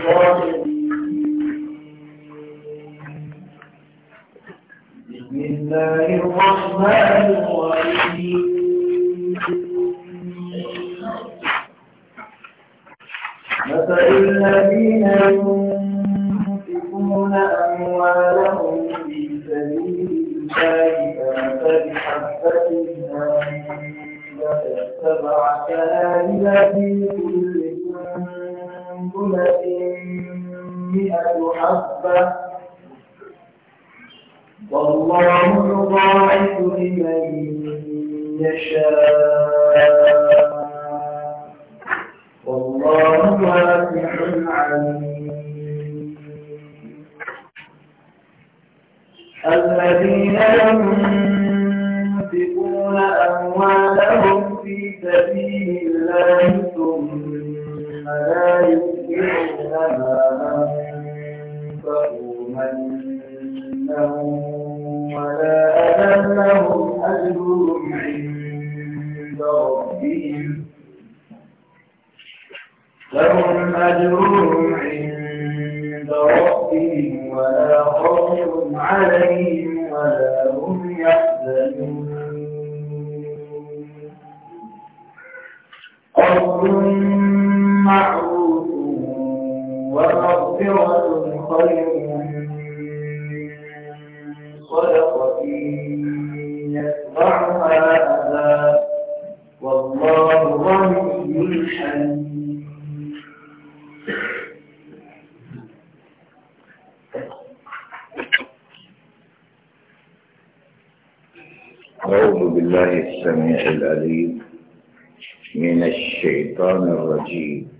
بسم الله الرحمن الرحيم مثل الذين ينفقون أموالهم في سبيل الله كمثل حبة أنبتت سبع سنابل في كل سنبلة مئة حبة والله يضاعف لمن يشاء والله واسع عليم الذين ينفقون أموالهم في سبيل الله ثم لا يؤمنونها أنفقوا منهم ولا أذلهم أجرهم عند ربهم لهم أجرهم عند ربهم ولا خوف عليهم ولا هم يحزنون قول معروف ومغفرة خير صدقة يتبعها أذى والله غني حليم أعوذ بالله السميع العليم من الشيطان الرجيم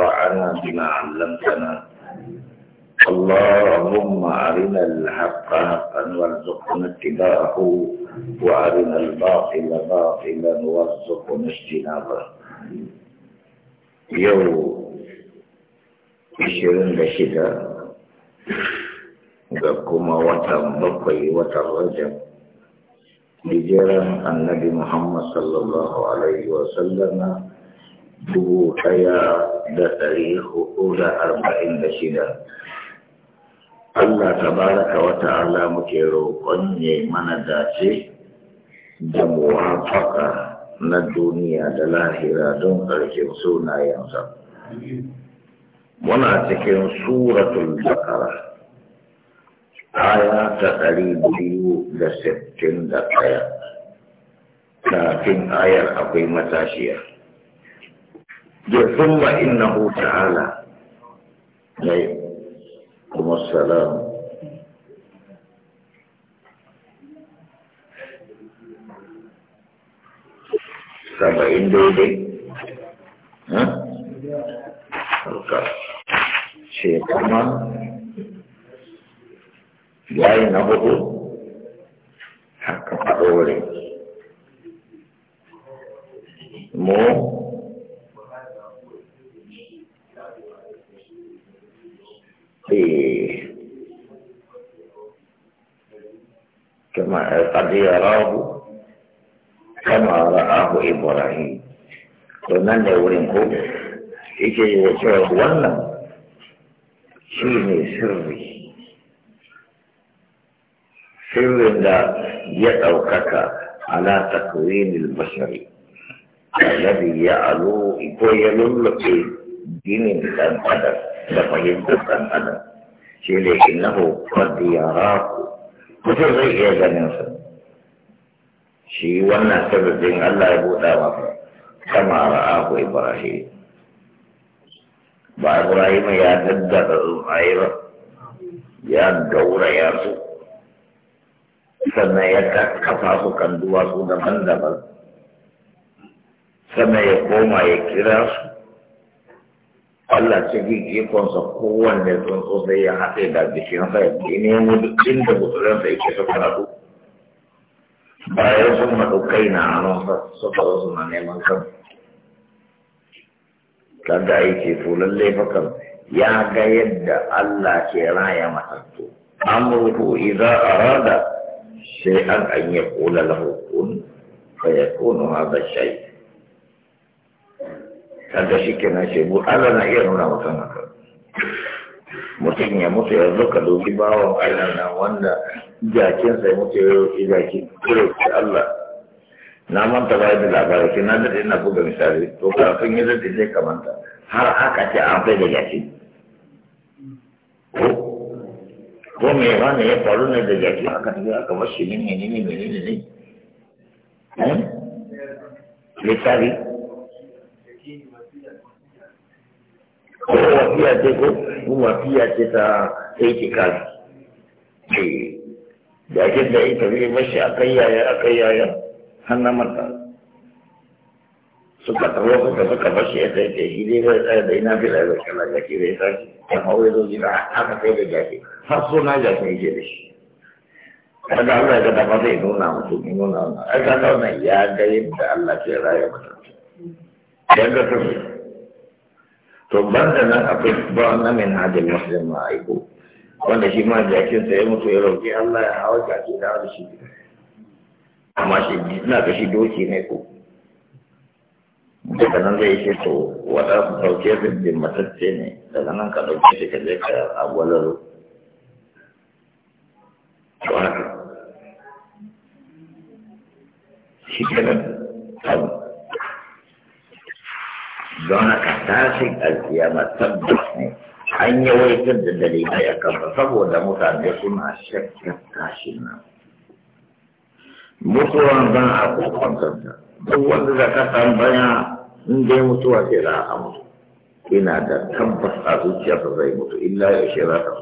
وانفعنا بما علمتنا اللهم أرنا الحق حقا وارزقنا اتباعه وأرنا الباطل باطلا وارزقنا اجتنابه يوم عشرين بشدة بكما وتر بقي وتر رجب بجرم النبي محمد صلى الله عليه وسلم dubu ɗaya da ɗari hudu da arba'in da shida. Allah tabaraka wata ta'ala muke roƙon ya mana dace da muwafaka na duniya da lahira don ƙarshen sunayensa. Muna cikin suratul bakara aya ta ɗari biyu da sittin da ɗaya. Kafin ayar akwai matashiya. da kuma inna huta ala mai kuma salam saba inda ya dai ha? ruka ce yayi na hudu haka faɗo Eh. kama kadiya rahu kama ra'ahu ibrahim to nan da wurin ko yake yi cewa wannan shi ne sirri sirrin da ya ɗaukaka ala takwinil bashari alladhi ya alu ko ya lullube ginin dan adam da fahimtar ɗan shi ne innahu qad yaraku mutum zai iya ganin sa shi wannan sirrin Allah ya buɗa masa kama ra'ahu Ibrahim ba Ibrahim ya daddada tsuntsaye ba ya su sannan ya kafa su kan duwatsu daban-daban sannan ya koma ya kira su Allah cikin ikonsa kowanne tsuntsu sosai ya haɗe da na jikinsa ya nemo duk inda gutsurinsa ke suka naɗu. Bayan sun naɗu kai na hannunsa suka zo suna neman kan. Kaga yake to lalle fakan ya ga yadda Allah ke raya matattu. Amruhu idza arada sai an yaqula lahu kun fayakunu hadha shay'un. kaga shi kenan shegu Allah na iya nuna mutum haka mutum ya mutu ya zo ka dubi bawan Allah na wanda jakin sai mutu ya roƙi jaki kure Allah na manta ba da labari ki na dade na buga misali to kafin ya dade zai kamanta har aka ce an fai da jaki ko me ba ne ya faru ne da jaki aka tafi aka bar shi ne ne ne ne ne ne ne ko wafiya ce ko wafiya ce ta itikafi ce eh, da ake da ita bai mashi a kai yaya a kai yaya hannun mata suka suka suka bashi ya sai ce shi dai bai da ina da kala jaki bai tashi ya hau ya zo da jaki har suna jaki yake da shi kada Allah ya gada ba zai nuna mutum ya nuna wannan kawo ya ga yadda Allah ke raya mutum yadda ta to banda nan akwai ba na min hajjin muslim ma aiko wanda shi ma jakin sa ya mutu ya roƙi Allah ya hawa jaki da wani shi amma shi ina ga shi doki ne ko daga nan zai ce to wata dauke da bin matacce ne daga nan ka dauke shi ka je ka agwalar to haka shi kenan tashin alkiyama tabbas ne an yi yawaitar da dalilai a kafa saboda mutane suna shakkar tashin nan mutuwan zan a kokwantarta duk wanda da ka tambaya in dai mutuwa ce za a mutu ina da tabbas a zuciyarsa zai mutu illa ya shi za ta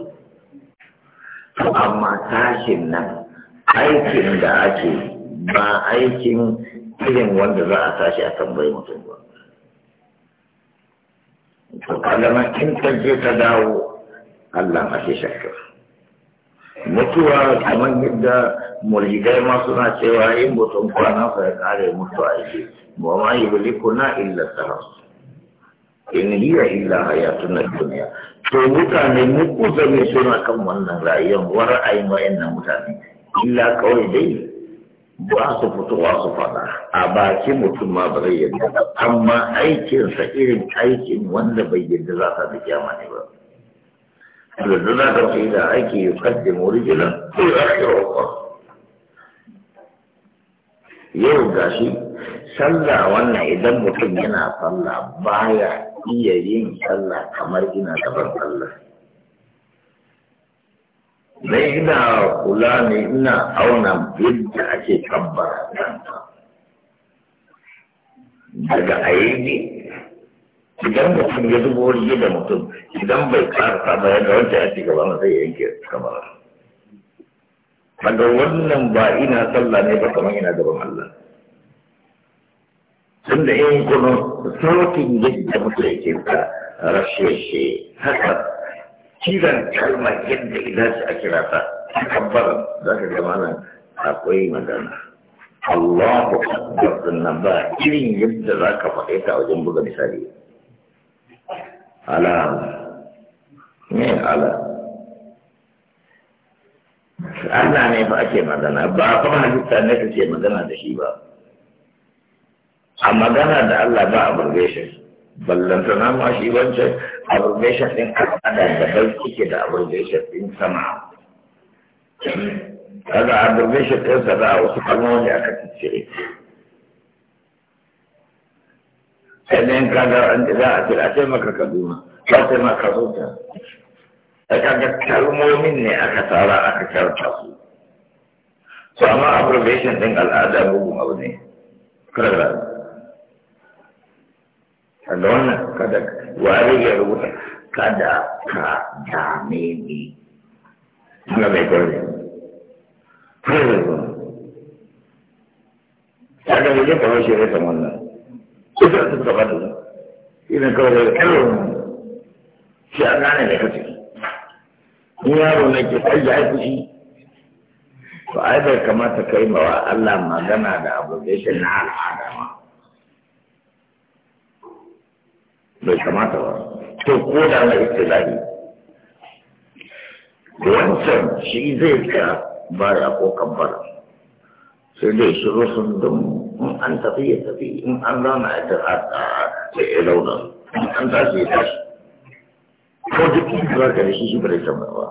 to amma tashin nan aikin da ake ba aikin irin wanda za a tashi a tambayi mutum ba to kalama in ka je ka dawo Allah ma shi shakka mutuwa kamar yadda mulhigai ma suna cewa in mutum kwana fa ya kare mutuwa yake ba ma yi kuna illa sarrafa in hiya illa hayatun duniya. to mutane mu kusa ne suna kan wannan rayuwar wa ra'ayin wayannan mutane illa kawai dai ba su fitowa su fada a baki mutum ma ba zai yadda amma aikinsa irin aikin wanda bai yadda za ta da kyama ne ba da za ta fi da aiki yi kaddi morijilan ko ya ake roƙon yau ga shi sallah wannan idan mutum yana sallah baya iya yin sallah kamar ina gaban sallah na ina kula ne ina auna yadda ake kabbara kanta daga ayyuki idan mutum ya zubo wani da mutum idan bai karasa ba yadda ga wancan ci gaba na ya yanke kamara daga wannan ba ina sallah ne ba kamar ina gaban Allah tun da yin kuma sautin yadda mutum yake ka rashe shi haka kiran kalmar yadda idan a kira ta kabbar za ka gama nan akwai magana Allahu akbar nan ba irin yadda za ka faɗe ta wajen buga misali ala ne ala Allah ne ba ake magana ba kuma halitta ne kake magana da shi ba a magana da Allah ba a burge shi ballantana ma shi wancan abrogation ɗin al'ada da bai cike da abrogation ɗin sama kaga abrogation ɗin sa za wasu kalmomi aka cire sai dai kaga an za a ce a maka kaduna ba sai maka zuta sai kaga kalmomin ne aka tsara aka karta su to amma abrogation ɗin al'ada mugun abu ne kaga kaga wannan kada wani ya rubuta kada ka dame ni na mai gwarne ya ga wajen kamar shi rai kamar nan kusa su gaba da nan idan kawai da kallon shi a gane mai kace in yaro na ke kai ya kuɗi to ai bai kamata kai mawa Allah magana da abu da yake na al'ada ma bai kamata ba to ko da na istilahi wancan shi zai tsaya baya ko kabbara sai dai shi rusun don in an tafi ya tafi in an rana ya tafi a ya launa in an tafi ya tashi ko duk za ka da shi shi bai tambaya ba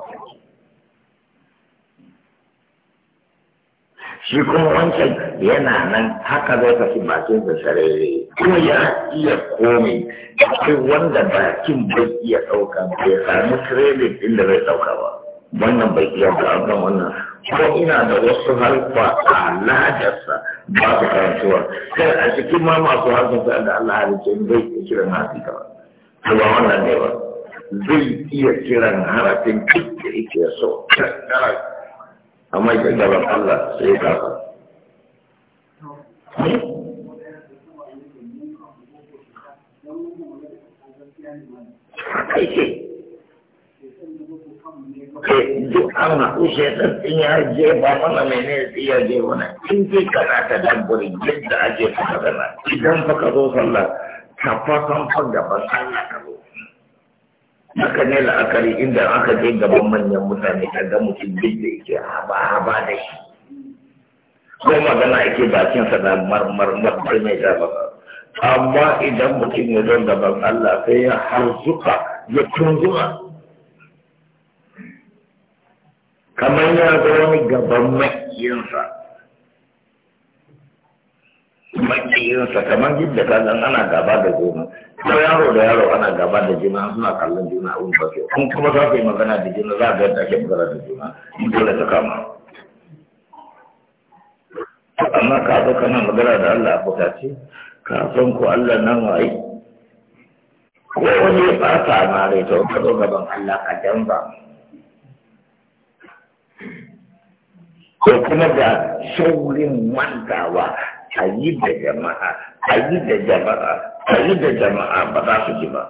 shi kuma wancan yana nan haka zai tafi bakin sa sarere kuma ya iya komai akwai wanda bakin bai iya ɗauka bai samu credit inda da zai ɗauka ba wannan bai iya ba wannan ko ina da wasu harfa a ladarsa ba su karantuwa Sai a cikin ma masu harfin sa da Allah halittu bai iya kiran harfi ba to ba wannan ne ba zai iya kiran harafin duk da yake so kankara amma ita gaban Allah sai ka fa haka kai duk an haɗu shekar ɗin ya je ba mana mene ya je wani in je kana ta dabbari yadda ake ta magana idan fa ka zo sallah ka fa san fa gaban Allah haka ne la'akari inda aka je gaban manyan mutane a ga mutum duk da yake haba-haba da shi ko magana ake bakinsa da marmar marmar mai ba amma idan mutum ya zon gaban Allah sai ya harzuka ya tunzuma kamar ya zo wani gaban makiyinsa makiyinsa kamar yadda ka zan ana gaba da goma ko yaro da yaro ana gaba da juna suna kallon juna a ba ke kun kuma za ku yi magana da juna za ga yadda ake magana da juna dole ta kama amma ka zo kana magana da Allah a bukaci ka san ko Allah nan waye ko wani ya fata ma rai to ka zo gaban Allah ka jamba ko kuma da saurin mantawa Ayi da jama'a ayi da jama'a ayi da jama'a ba za su ji ba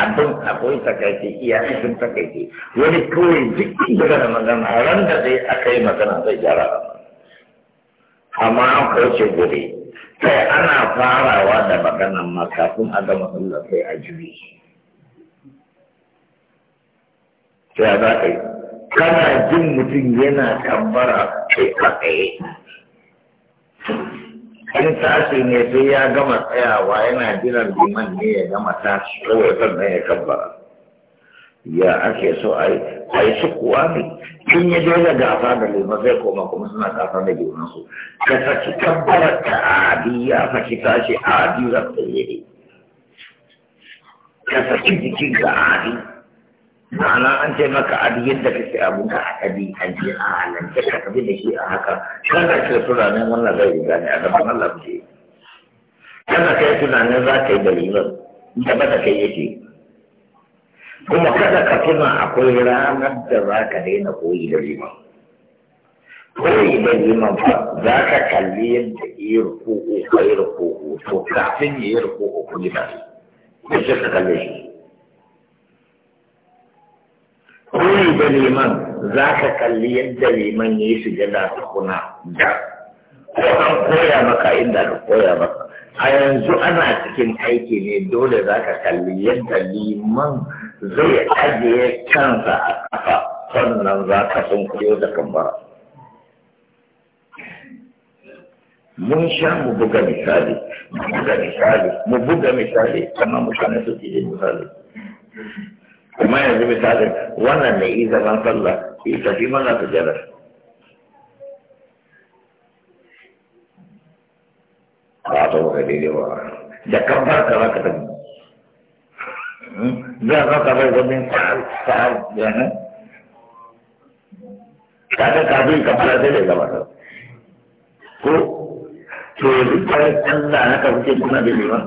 abin akwai takaice iya cikin takaice wani kawai jikin daga da magana ran da zai aka yi magana zai gyara ba amma an kauce gobe sai ana farawa da magana ma kafin a gama sallah sai a juyi sai za ka yi kana jin mutum yana tambara kai a tsaye in tashi ne sai ya gama tsayawa yana jiran liman ne ya gama tashi kawai sannan ya kabbara ya ake so a yi a yi su kuwa ne in ya dole gafa da liman zai koma kuma suna gafa da junansu ka saki kabbara ta adi ya saki tashi adi za ka yi ka saki jikin ga adi ma'ana an ce maka a duk yadda kake abu ka a kadi an ce a nan ce ka tafi da shi a haka kana kai tunanin wannan zai riga ne a gaban Allah ku ce kana kai tunanin za ka yi da liman da ba da kai yake kuma kada ka tuna akwai ranar da za ka daina koyi da liman koyi da liman fa za ka kalli yadda iya rukuku kai rukuku to kafin ya yi rukuku ku yi tare ko sai ka kalle shi da liman za ka kalli yadda liman ya yi da tukuna da ko an koya maka inda ka koya maka a yanzu ana cikin aiki ne dole za ka kalli yadda liman zai ajiye kansa a kafa sannan za ka sun koyo da kambara mun sha mu buga misali mu buga misali mu buga misali kamar mutane suke yin misali amma yanzu misalin wannan ne yi zaman sallah yi tafi mana sujada ba ta maka daidai ba da kan farka za ka tafi hmm? za ka kamar wani sa'ar yana kaga kafin ka fara sai da gaba ko to yanzu bayan Allah haka kuke kuna da liman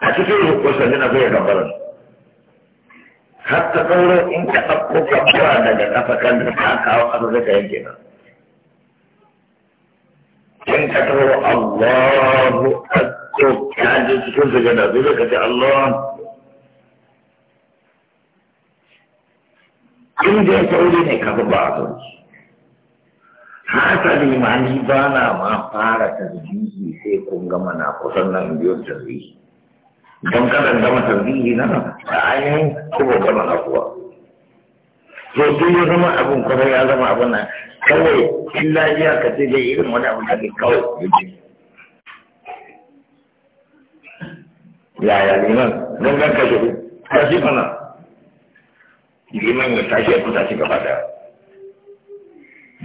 a cikin rukunsa ne na zai gabarar har ta ɗauro in ka ɗauko kabuwa daga ƙafa kan da ta kawo a zuwa ka yanke nan. In ka ɗauro Allahu Akbar ka je cikin sujada zai ka ce Allah. In ya sauri ne ka ba a sauri. Hasali ma ni ba na ma fara tasbihi sai kun gama na kusan nan biyun tasbihi. don kada da matarbihi na a ainihin kuma gama na kuwa to duk ya zama abin kwarai ya zama abin nan kawai in lafiya ka ce dai irin wani abu da ke kawai yake yaya liman gangan ka shiru ka shi fana liman ya tashi ya kusa shi gaba daya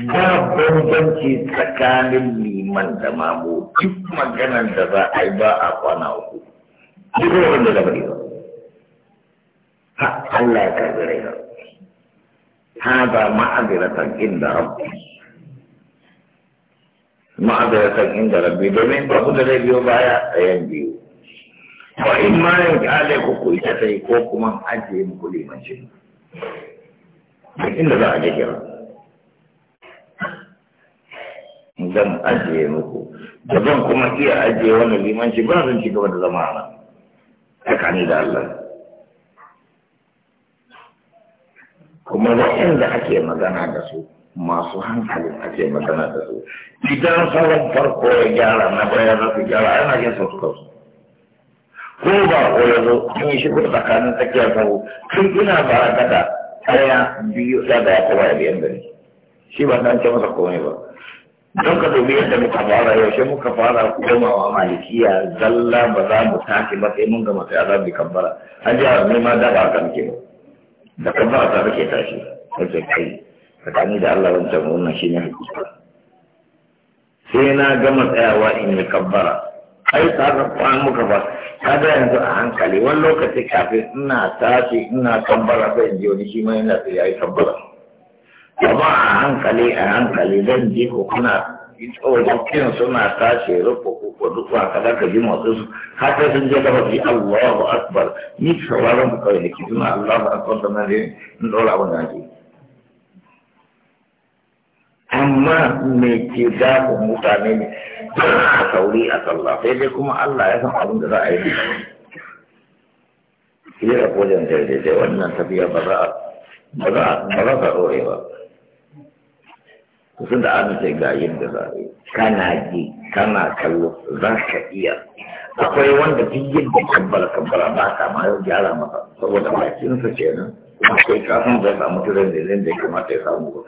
ba bambanci tsakanin liman da mamu duk maganar da za a yi ba a kwana uku duk wani da gabari ba ha Allah ya karbi raina hada ma'adiratan inda rabbi ma'adiratan inda rabbi domin ba ku da zai biyo baya ɗayan biyu wa in ma yin kyale ku ku ita sai ko kuma ajiye muku limanci inda za a je kira zan ajiye muku da zan kuma iya ajiye wannan limanci ba zan ci gaba da zama a nan tsakani da Allah kuma waɗanda ake magana da su masu hankali ake magana da su idan sauran farko ya gyara na bayan za su gyara ana jin sautuka su ko ba ko ya zo an yi shigo tsakanin tsakiyar sau tun ina ba gada ɗaya biyu ɗaya da ya kowa ya biyan gari shi ba san ce masa komai ba don ka domin yadda muka fara yaushe muka fara komawa malikiya zalla ba za mu tashi ba sai mun gama sai azabi kabbara an ji azumi ma da ba kan ke da kabbara ta kake tashi wajen kai tsakani da Allah wancan wannan ne hakika sai na gama tsayawa in yi kabbara ai ta ga kwan muka ba ta da yanzu a hankali wani lokaci kafin ina tashi ina kabbara sai in ji wani shi ma yana tsaye yi kabbara amma a hankali a hankali zan ji ko kuna wajen kiran suna tashi rufe kuku duk wa kada ka ji motsin su har sai sun je gaba su Allahu Akbar ni sauraron ku kawai nake suna Allahu Akbar sannan ne in dora abin da nake amma me ke da ku mutane ne a sauri a sallah sai dai kuma Allah ya san abin da za a yi kira ko jan daidai wannan tafiya ba za a ba za a ba sun da an ga yadda za a yi kana ji kana kallo za ka iya akwai wanda duk yadda kabbala kabbala ba ta ma yau gyara masa saboda bakinsa kenan kuma kai kafin zai samu tirin da zai kamata ya samu ba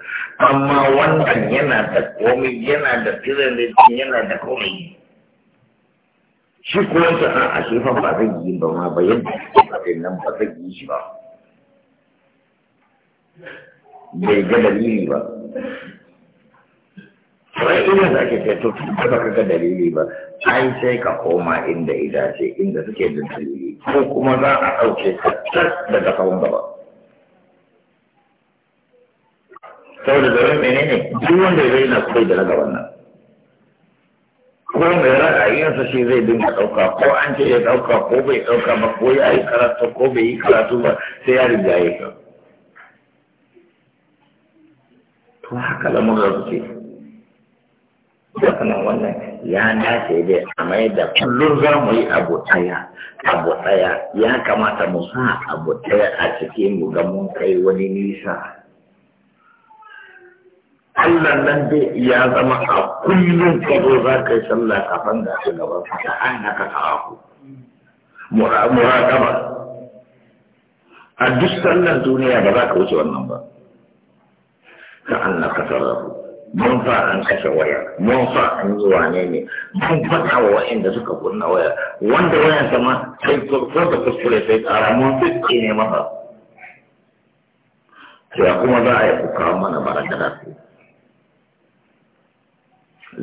amma wannan yana da komai yana da tirin da yana da komai shi ko wanda a a shi fa ba zai yi ba ma ba yadda ba zai nan ba zai yi shi ba bai ga dalili ba sai ina da ake kai to ba ka ga dalili ba ai sai ka koma inda ida ce inda suke da dalili ko kuma za a ɗauke ka tas daga kawon gaba saboda ne ne, duk wanda ya na kai da daga wannan ko mai ra'ayinsa shi zai dinga ɗauka ko an ce ya ɗauka ko bai ɗauka ba ko ya yi karatu ko bai yi karatu ba sai ya riga ya yi to haka da suke kana wannan ya dace dai a mai da kullum za mu yi abu ɗaya abu ɗaya ya kamata mu sa abu ɗaya a cikin mu ga mun kai wani nisa Allah nan dai ya zama a kullum ka zo za ka yi sallah kafan da su gaban ka ta an haka kawo muraƙaba a duk sallar duniya ba za ka wuce wannan ba ka an na ka ku. mun fa an kashe waya mun fa an yi ne ne mun fa wa waɗanda suka kunna waya wanda ta ma sai ko da kuskure sai tsara mun fiske ne masa to ya kuma za a yi kuka mana baraka da su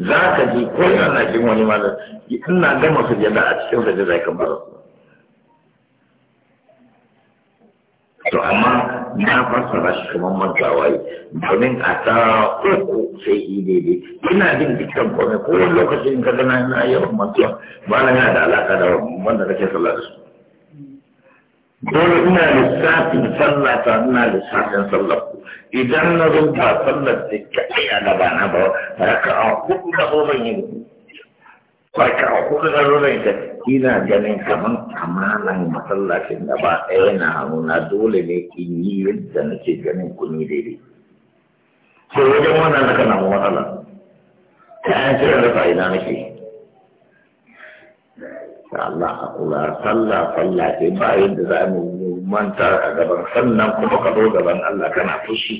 za ka ji ko yana na jin wani mana ina gama jada a cikin sujada ya kamar to amma na fassara shi kamar mantawai domin a ta uku sai yi daidai ina jin dukkan kome ko wani lokacin ka gana na yawan mantuwa ba na yana da alaka da wanda kake sallah da su dole ina lissafin sallah ta ina lissafin sallah ku idan na zo ba sallar da kaɗai a na ba raka'a hudu da ko ban yi farka ko da rurai da ina ganin kaman amanan masallacin da ba ɗaya na hannuna dole ne in yi yadda na ce ganin ku ni daidai Ko wajen wannan na kana mu matsala ta an cire da fa'ida nake Allah a kula sallah sallah ce ba yadda za mu manta a gaban sannan kuma ka zo gaban Allah kana fushi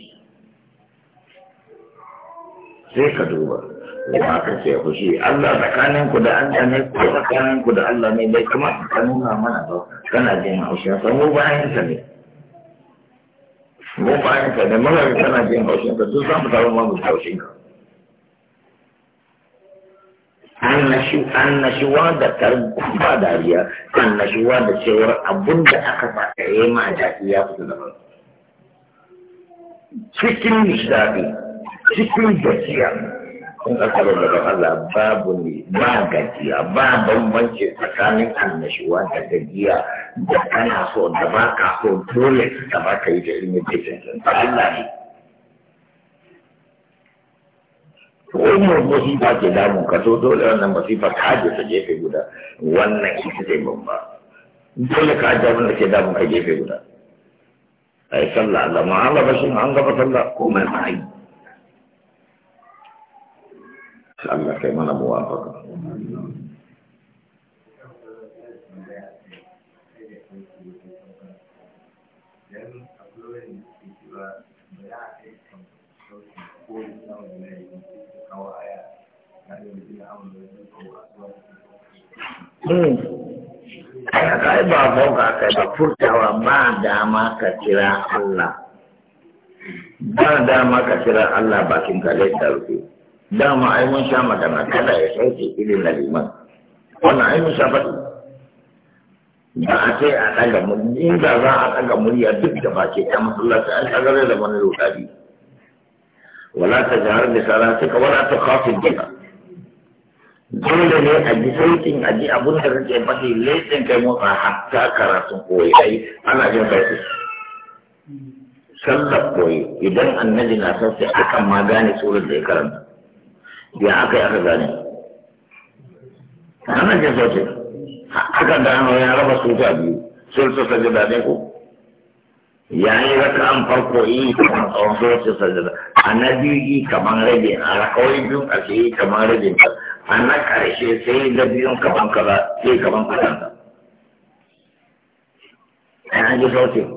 sai ka duba Kuma aka ce ku shi, Allah tsakanin ku da Allah ne ko tsakanin ku da Allah ne dai kamata ka nuna mana ba kana jin haushi ka mu bayan ka ne mu bayan ka ne mara kana jin haushi ka duk zamu tawo mu mu haushi ka annashu annashuwa da tarbuwa dariya annashuwa da cewar abunda aka saka yayi ma daɗi ya fita da cikin nishaɗi cikin gaskiya kun aka daga Allah babu ne ba gajiya ba bambanci tsakanin annashuwa da gajiya da kana so da ba ka so dole da ba ka yi da ilmi da cancanta Allah ne. Wannan masifa ke damu, ka so dole wannan masifa ka je ta jefe guda wannan ita zai bamba. Dole ka ajiye wannan ke damu ka jefe guda. Ai sallah Allah ma'ala ma an gaba sallah komai ma'ai. Allah kai mana muwafaka kai hmm. ba boka kai ba furtawa ba dama ka kira Allah ba dama ka kira Allah bakin ka laifin rufe dama ai mun sha magana kada ya sauke irin na liman wannan ai mun sha faɗi da a ce a ɗaga murya inda za a ɗaga murya duk da ba ce ta masallaci an shagare da wani rotari wala ta jihar da sara suka wala ta kafin gida dole ne a ji sautin a ji abin da kake faɗi laifin kai motsa hatta karatun koyi ai ana jin sautin sallar koyi idan annabi na sautin akan ma gane surar da ya karanta ya aka yi aka gane ranar ce sauce aka gano ya raba su ta biyu sun su sajada ne ko ya yi raka an farko yi kamar tsawon sauce da a na biyu yi kamar rage a rakawai a ke yi kamar rage a na karshe sai da biyun kamar kaza sai kaman kaza ta ji sauce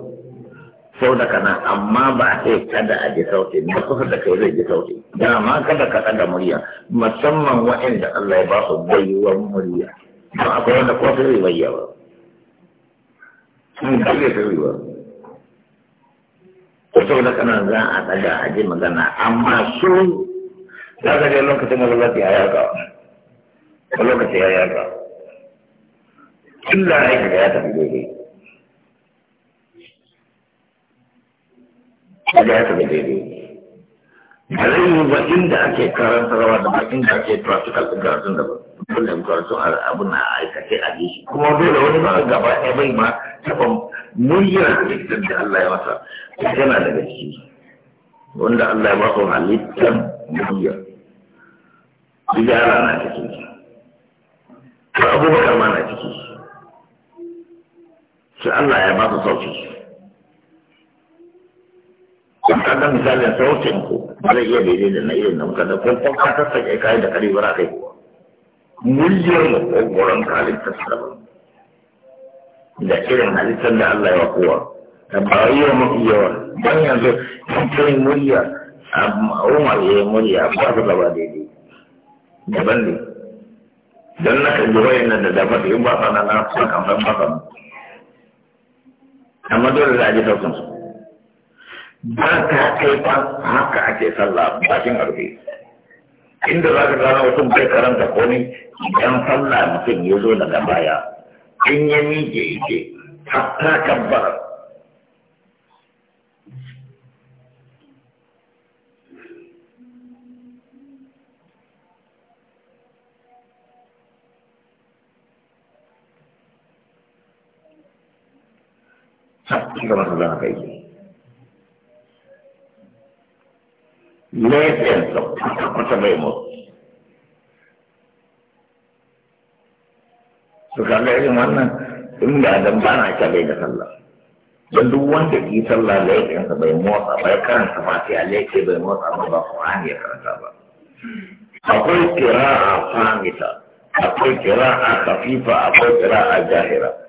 sau da kana amma ba sai kada a ji sauti na kusa da kai zai ji sauti dama kada ka kada murya musamman waɗanda Allah ya ba su baiwar murya akwai wanda ko sai ba sun kalle sai ba ko sau da kana za a a ji magana amma su za ka lokacin da lokaci ya lokaci ya ya tafi daidai da ya taɓa daidai ba zai yi ba inda ake karantarwa da ba inda ake practical ɗin karatun da ba kullum karatu abu na aikace a shi kuma dole wani ba gaba ɗaya bai ma taɓa muryar halittar da Allah ya masa yana daga ciki wanda Allah ya ba su halittar muryar tijara na ciki to abubakar ma na ciki sai Allah ya ba su sauki ka ga misalin sautin ku a zai iya daidai da na irin da muka da ko ko ka tattake kai da kare ba kai kuwa mulliyar mu ko goron da irin halittar da Allah ya kowa da ba yi wa mafi yawa don yanzu cikin murya umar ya yi murya ba su gaba daidai daban ne don na kan ji wayan da daban in ba sana na kusa kamfan ba sana amma dole za a ji sautin su ba ka kai ba haka ake sallah bakin arfi inda za ka gano mutum bai karanta komai idan sallah mutum ya zo daga baya in ya miƙe yake hatta kabbara Hatta kamar za ka yi. lafiyar da kwata-kwata bai motsi su kaga irin wannan inda dan bana kyale da sallah don duk wanda yi sallah lafiyarsa bai motsa bai karanta fatiha lafiya bai motsa ba ba ƙwani ya karanta ba akwai kira a famita akwai kira a kafifa akwai kira a jahira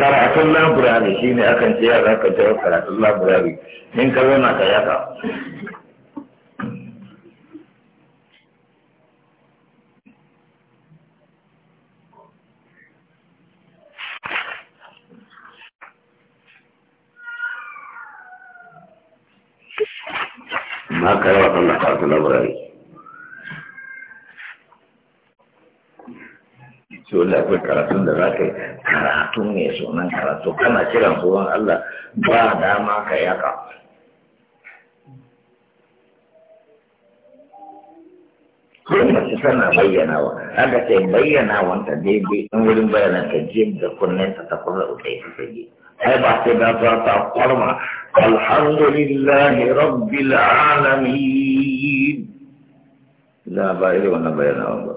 karatun laburari shi ne akan ce yara ka jawo karatun laburari in ka zauna ka yaka كان ka الله kan karatun laburari dole akwai karatun da za ka yi karatu ne sunan karatu kana kiran sunan Allah ba dama ka yaka mace tana bayyana wa aka ce bayyana wanta daidai in wurin bayyana ta je da kunnen ta tafi da utai ta fage ai ba sai da za ta kwarma alhamdulillahi rabbil alamin la ba irin wannan bayyana ba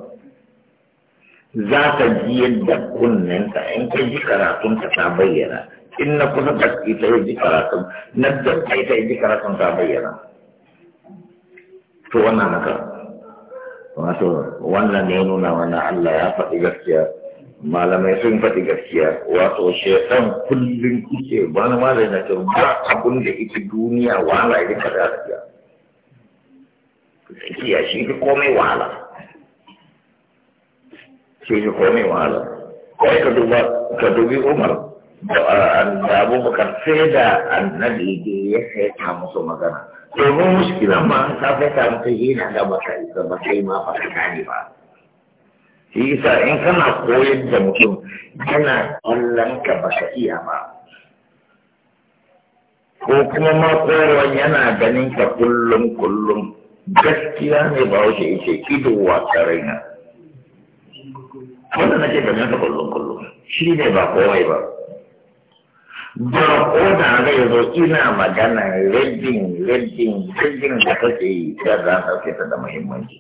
za ka ji yadda kunnen in ka ji karatun ka ta bayyana in na kusa da ita ya ji karatun na da ita ya ji karatun ta bayyana to wannan haka wato wannan ne nuna wannan Allah ya faɗi gaskiya malamai sun faɗi gaskiya wato shaitan kullum kuke ba na malai na ce ba abun da ita duniya wahala ya rika da gaskiya kiyashi komai wahala sai shi komai wahala kai ka duba ka dubi umar da abubakar sai da annabi ya ya saita musu magana domin muskilan ma ka saita musu shi na da baka isa ba kai ma ba ka gane ba shi in kana koyar da mutum yana kallon ka ba ka iya ba ko kuma ma koyarwa yana ganin ka kullum kullum gaskiya ne ba wuce ce ido wa tsarina wanda nake ganin ta kullum kullum shi ne ba komai ba barko da zai zo ina magana rajin rajin rajin da kake yi da za a ɗauke ta da muhimmanci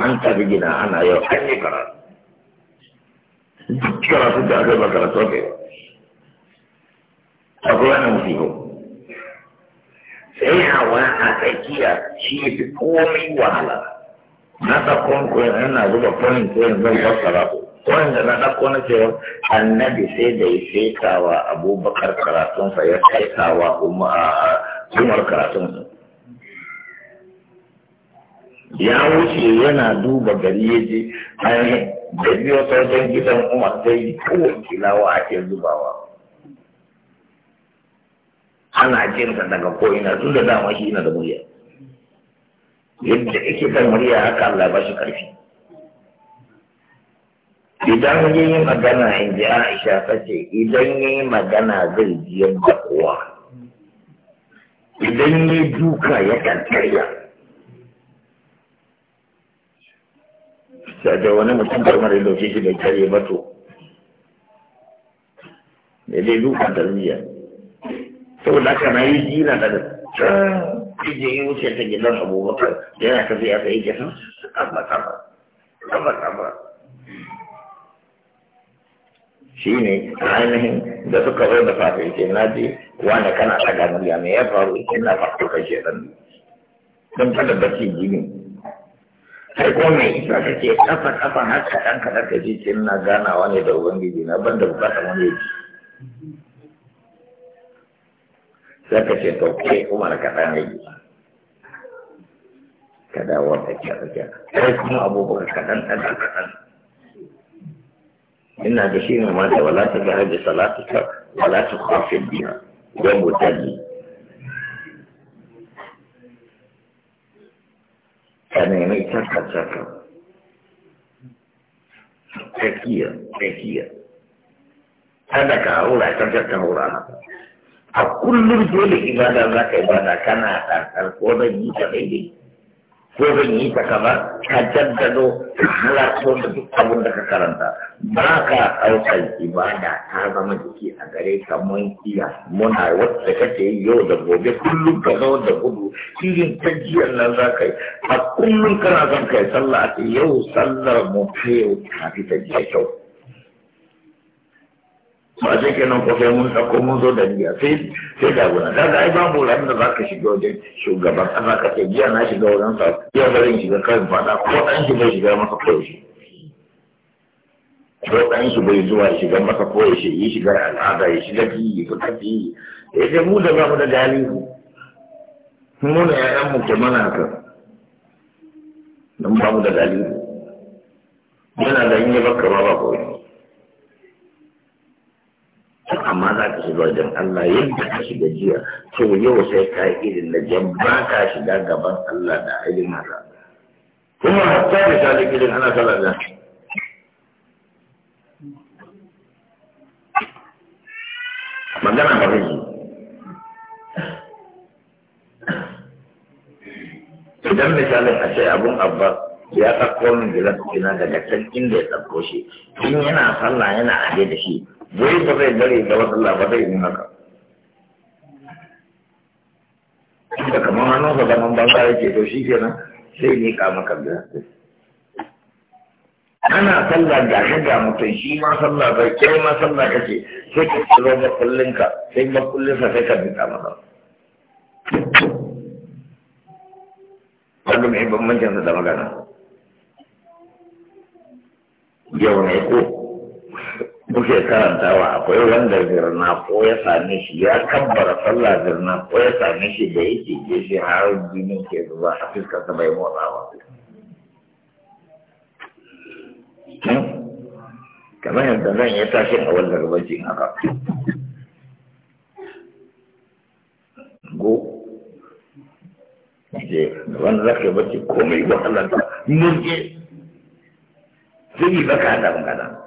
an tabi gina ana yau an yi karatu duk karatu da aka ba karatu aka yi akwai wani musiko sai hawa a tsakiya shi ya fi komai wahala na ta kwankwayon yana zuba kwankwayon zan fassara ku wanda na ɗauko na cewa annabi sai da ya sekawa abubakar karatunsa ya kaitawa umar karatunsa ya wuce yana duba gari ya je ainihin da biyo sautan gidan umar sai kowace kilawa ake zubawa ana jinta daga ko'ina tun da dama shi yana da murya yadda ake kan murya haka Allah ba shi karfi idan ya yi magana in ji aisha ta ce idan ya yi magana zai ji yadda kowa idan ya duka ya karkarya da wani mutum karmar ya dauke shi da karye ba to da dai duka ta tarbiyya saboda haka na yi jina daga can ije yi wuce ta gidan abubakar yana tafiya ta yi gidan kama kama kama kama shine ainihin da suka zo da fafe ke naji ji wani kana daga murya mai ya faru ina faɗo kai ke dan don kada bacci jini sai ko me isa ka ce kafa kafa haka dan kaɗan ka ji ce ina gana wani da ubangiji na ban da bukatar wani ji sai ka ce to ke umar kaɗan ya ji ka wata ta ka ce sai kuma abubakar kaɗan ɗan ɗan إنا بشير ماذا ولا تجعل صلاتك ولا تخاف بها يوم تالي كان يميت سكت سكت تكية تكية هذا أولا تجد تهورا أقول لك إبادة ذاك إبادة كان أتاك القوضة يجب أن ko zan yi ta kaza ka jaddado halarta da duk abin da ka karanta ba ka ɗaukar ibada ta zama jiki a gare ka mun iya muna wacce kake yi yau da gobe kullum ka zo da gudu irin ta jiyar nan za ka yi a kullum kana zan kai sallah a yau sallar mu ta yau ta fi ta jiya kyau ba shi kenan ko sai mun ɗauko mun zo da biya sai sai da gona ta ga ai babu ran da za ka shiga wajen shugaban ƙasa ka ce jiya na shiga wajen sa Jiya ba zan shiga kan fada ko ɗan shi bai shiga masa koyaushe ko ɗan shi bai zuwa shiga masa koyaushe yi shiga al'ada ya shiga fiye ya fita yi ya ce mu da ba mu da galihu mu da ƴaƴan mu ke mana haka don ba mu da galihu yana da yin ya baka ba ba koyaushe amma za ka shiga wajen Allah yadda ka shiga jiya to yau sai ka yi irin da jan ba ka shiga gaban Allah da irin haka kuma hatta da salik irin ana sallar da magana ba zai idan misalin a ce abun abba ya ɗauko min gilas ina daga can inda ya ɗauko shi in yana sallah yana aje da shi wai ba zai dare da ba zai yi haka da kamar hannun sa zaman banza yake to shi kenan sai ni ka maka da ana sallah ga shi ga mutum shi ma sallah bai kai ma sallah kake sai ka tsiro makullin ka sai makullin sa sai ka bi ka. maka wanda mai bambancin da magana yau ne ko muke karantawa akwai wanda zirna ko ya same shi ya kabbara sallah zirna ko ya same shi da yake ke shi har jini ke zuba a fuskar sa bai motsawa hmm? kamar yadda zan ya tashi a wanda gabacin haka go je wanda za ka yi bacci komai ba Allah ta mun je zai yi baka da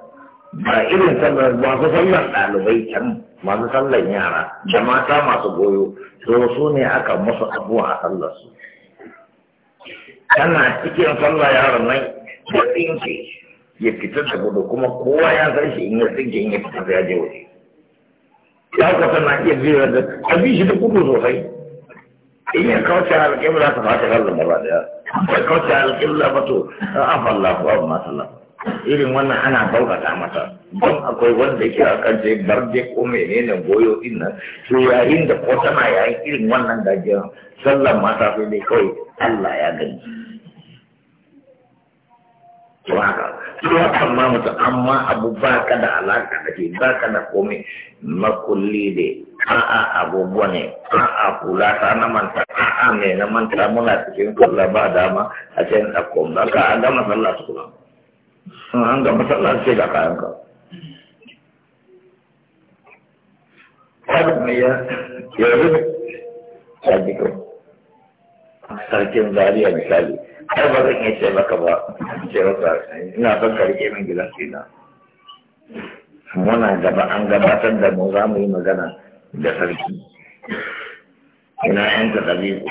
ba irin sallar masu sallar ɗalibai can masu sallar yara da mata masu goyo to su ne aka musu abuwa a sallar su tana cikin sallar yaron nan ya tsinke ya fita da gudu kuma kowa ya san shi in ya tsinke in ya fita sai yaje waje ya ka tana iya biya da a shi da gudu sosai in ya kauce alƙibla ta fata kallon gaba daya ba kauce alƙibla ba to afallahu masu masallahu irin wannan ana bauta mata don akwai wanda yake a kance barje ko menene goyo din nan to yayin da ko tana yayin irin wannan gajiyar sallan mata sai dai kawai Allah ya gani to haka to amma mutum amma abu ba ka da alaka da ke ba ka da komai makulli ne a'a abubuwa ne a'a kula ta na manta a'a ne na manta muna cikin kula ba dama a cikin ɗakkon ba ka an gama sallah tukuna an gama sallah sai ga kayan ka mai ya yanzu ya ji ko sarkin zariya misali har ba zan iya ce maka ba ce maka ina son ka rike min gidan sina an gabatar da mu za mu yi magana da sarki ina yanka ɗabi'u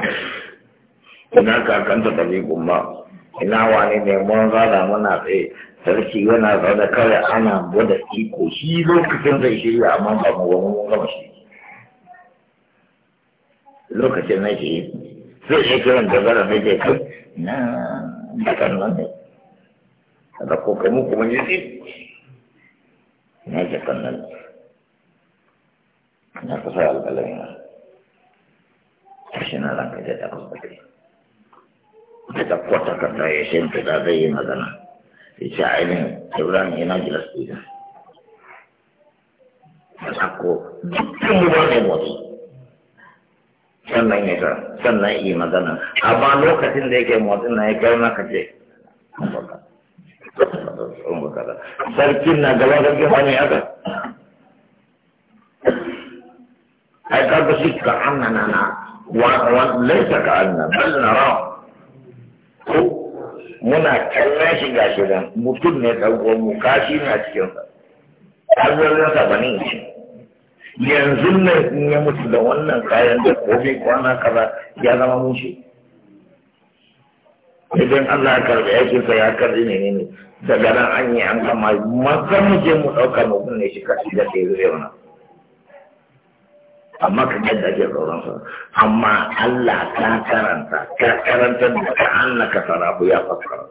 ina kakanta ɗabi'u ma ina wani neman mun zana muna tsaye sarki yana zaune kawai ana gwada iko shi lokacin zai shirya amma ba mu ba mun gama shi lokacin na shi sai ya kiran da zara na je kai na dakan nan ne da ko kai mu kuma ji tsi na dakan nan na kusa alƙalami na shi na ranka da ta kusa kai ya ɗauko takarda ya shimfiɗa zai yi magana ya ce ainihin ibrahim yana gilas ɗina ya ɗauko dukkan ruwa ne motsi sannan ya ga sannan yi magana amma lokacin da yake motsin na ya kai maka ce sarkin na gaba sarkin wani aka ai kaga shi ka annana na laisa ka annana bal na rawa muna kallon shi ga shi nan mutum ne ɗauko mu kashi na cikin sa ƙarfin sa ba ne shi yanzu ne in ya mutu da wannan kayan da kofi kwana kaza ya zama mun idan Allah ya karɓi aikin sa ya karɓi ne ne daga nan an yi an kama mazan mu je mu ɗauka mu kunne shi kashi da ke zuwa wannan amma ka yadda ake tsoronsa amma Allah ka karanta ka karanta da ka Allah ka ya fassara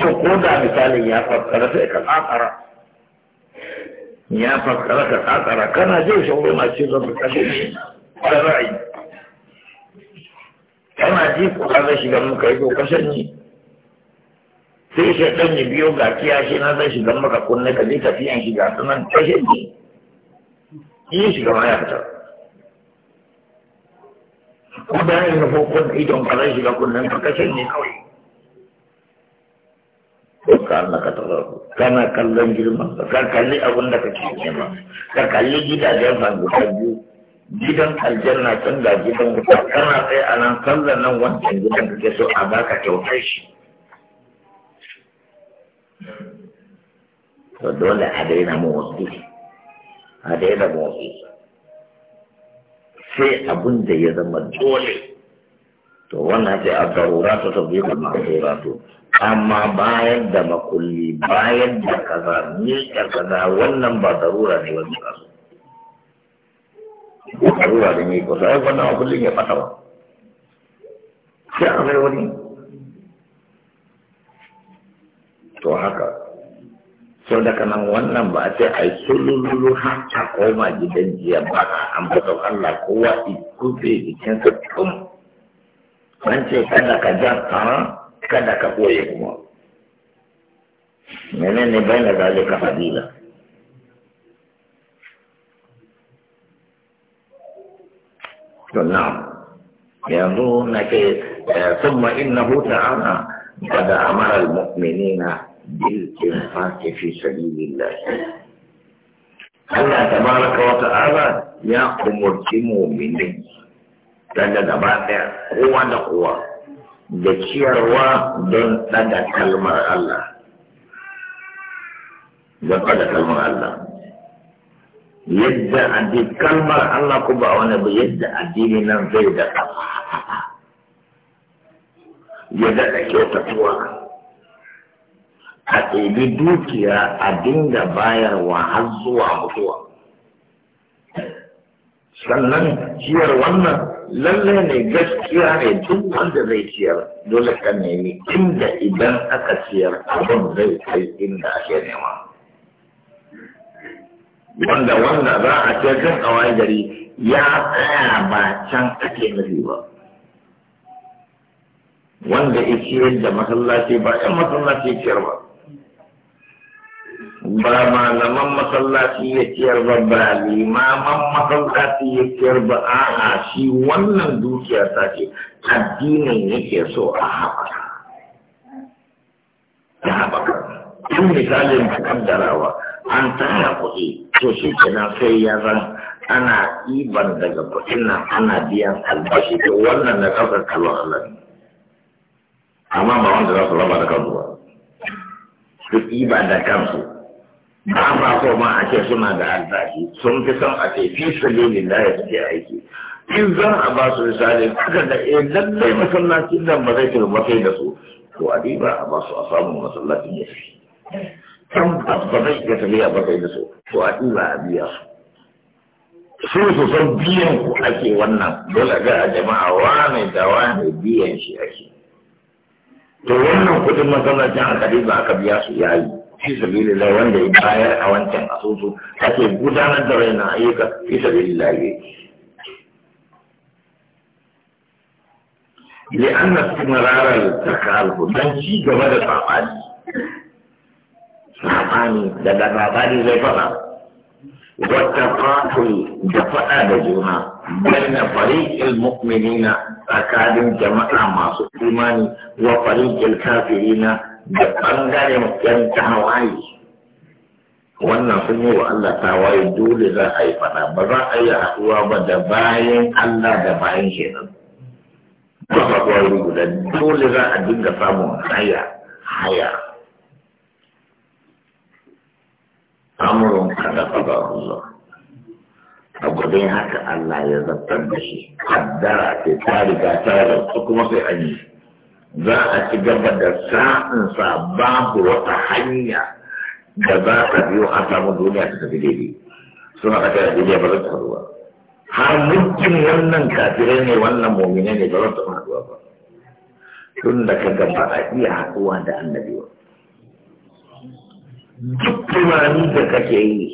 so ko da misalin ya fassara sai ka tsatsara ya fassara ka tsatsara kana jin shauri ma ce zan fita shi da ra'ayi kana ji ko ka zai shiga muka yi ko kashe ni sai shi ɗan ya biyo ga kiyashi na zai shiga maka kunne ka je tafiyan shiga sunan kashe ni in ya shiga baya fita ko da yin rufo kun idon ba zai shiga kullum ka kashe ne kawai ko ka Allah ka tsara kana kallon girma ka kalli abin da kake nema ka kalli gidajen ban guda biyu gidan aljanna can da gidan wuta kana tsaye a nan sallan nan wancan gidan kake so a baka kyautar shi to dole a daina mu wasu a daina motsi sai abin da ya zama dole to wannan sai a garura ta tabi da ma'azura to amma bayan da makulli bayan da kaza ni kaza wannan ba darura ne wani kasu darura da ne ko sai wannan makullin ya fata ba sai a mai wani to haka sau da kanan wannan ba a ce a yi sululu har ta koma gidan jiya ba a ambaton Allah kowa ikube jikinsa tun an ce kada ka jan tsara kada ka koye kuma menene bai na ka fadila to na yanzu na ke eh, sun ma inna huta ana amara amaral mu'minina بالإنفاق في سبيل الله Allah tabaraka wa ta'ala ya umurci mu'minai daga gaba ɗaya kowa da kowa da ciyarwa don ɗaga kalmar Allah don ɗaga kalmar Allah yadda addini kalmar Allah ko ba wani ba yadda addini nan zai da kafa ya daɗa kyautatuwa a ɗebi dukiya a dinga bayarwa har zuwa mutuwa sannan ciyar wannan lalle ne gaskiya ne duk wanda zai ciyar dole ka nemi inda idan aka ciyar abin zai kai inda ake nema wanda wanda za a ce kan kawai gari ya tsaya ba can ake nufi ba wanda ya ciyar da masallaci ba ɗan masallaci ciyar ba ba malaman masallaci ya ciyar ba ba limaman masallaci ya ciyar ba a'a shi wannan dukiya ta ce addinin yake so a haɓaka ta haɓaka tun misalin da kaddarawa an tara kuɗi to shi kenan sai ya zan ana iban daga kuɗin nan ana biyan albashi to wannan na ƙasar kalon Allah ne amma ba wanda za su raba da kansu ba su iba da kansu ba ba ko ma a ce suna da albashi sun fi son a ce fi sabilin da ya suke aiki in zan a ba su misali aka da eh lallai masallacin nan ba zai turba kai da su to a ba a ba su a samu masallacin ya fi Kan ba zai iya tafiya ba kai da su to a ba a biya su su su san biyan ku ake wannan dole ga jama'a wane da wane biyan shi ake to wannan kudin masallacin a ba aka biya su yayi fi sabilillah wanda ya bayar a wancan asusu ake gudanar da raina ayyuka fi sabilillah yake لأن استمرار التكالف دان شي game da sabani sabani daga sabani zai fada wata fatul da fada da juna baina fariqil mu'minina tsakanin jama'a masu imani wa fariqil kafirina da ɓangaren yan tawaye wannan sun yi wa Allah tawaye dole za a yi fada ba za a yi haɗuwa ba da bayan Allah da bayan kenan ba ba ba guda dole za a dinga samun haya haya amurin kada ba ba Allah a gudun haka Allah ya zartar da shi kaddara ce ta riga ta zarta kuma sai an yi za a ci gaba da sa'insa babu wata hanya da za ta biyo a samu duniya ta tafi daidai suna da kai duniya ba za ta haɗuwa har mutum wannan kafirai ne wannan mumine ne ba za ta haɗuwa ba tun da ka gaba a iya haɗuwa da annabi duk tunani da kake yi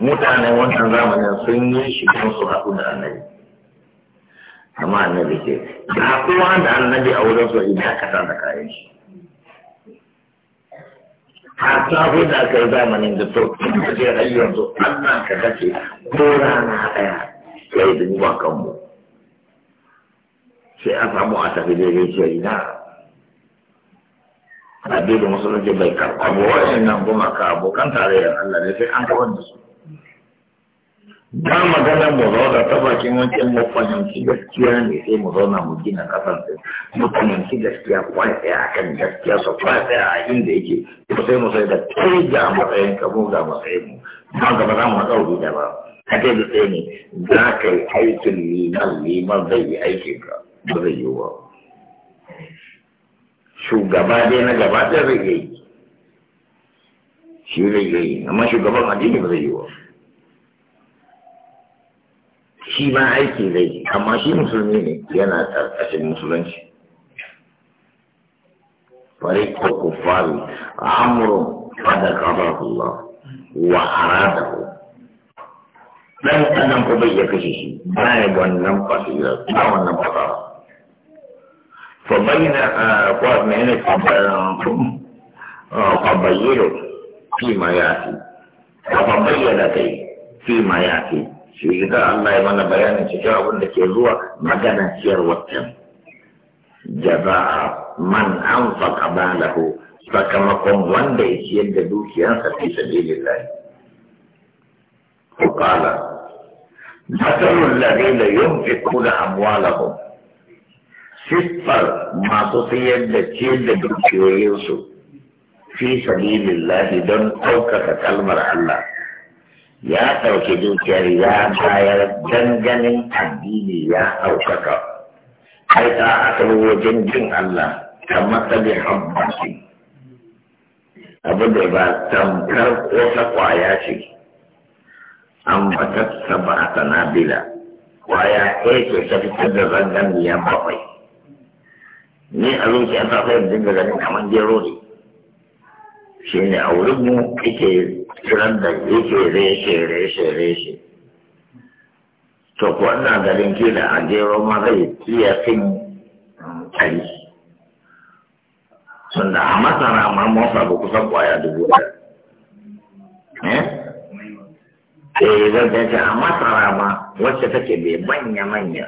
mutanen wannan zamanin sun yi shi kan su haɗu da annabi amma annabi ce ga kowa da annabi a wurin so da aka sa da kayan shi har ta fi da aka yi zamanin da to da ce har yanzu Allah ka kace ko rana ɗaya ya yi a kanmu sai a samu a tafi daidai ce ina addinin musulunci bai karɓa ba kuma ka abokan tarayyar Allah ne sai an kawar da su ba magana mu zo da bakin wancan mu fahimci gaskiya ne sai mu na mu gina kasar da mu fahimci gaskiya kwaɗaya a kan gaskiya su kwaɗaya a inda yake ko sai mu sai da kai ga matsayin ka mu ga matsayin mu ba ba za mu haɗa da ba a kai da tsaye ne za ka yi aikin liman liman zai yi aikin ka ba zai yi ba shugaba dai na gaba ɗaya zai yi shi zai yi amma shugaban addini ba zai yi ba shi ma aiki zai yi amma shi musulmi ne yana ƙarƙashin musulunci fari ko kufari amuru fada kafafullah wa aradahu dan adam ko bai ya kashe shi bai wannan fasira ba wannan fasara fa bayna qad mayna fa'alum fa bayyiru fi ma ya'ti fa bayyana kai fi ma ya fi. shi da Allah ya mana bayanin cikin abin da ke zuwa magana ciyar waccan jaza'a man anfaqa balahu sakamakon wanda ya ciyar da dukiyarsa fi sabilillah qala مثل الذين ينفقون أموالهم siffar masu sayar da ce da dukiyoyinsu fi sabilillahi don ɗaukaka kalmar Allah ya ɗauki dukiyar ya bayar ganganin addini ya ɗaukaka har ta aka wajen jin Allah ta matsali habbaki abin da ba tamkar wata kwaya ce an batar saba a sanabila kwaya ɗaya ce ta fitar da zangan ya bakwai ni a zuciya ta fahimta da ganin kamar gero ne shi ne a wurinmu ake ran da yake reshe reshe reshe to wannan garin kila a jero ma zai iya fin um, tari sun da a masara ma mun sabu kusan kwaya dubu ɗaya eh, eh zai ta a masara ma wacce take bai manya manya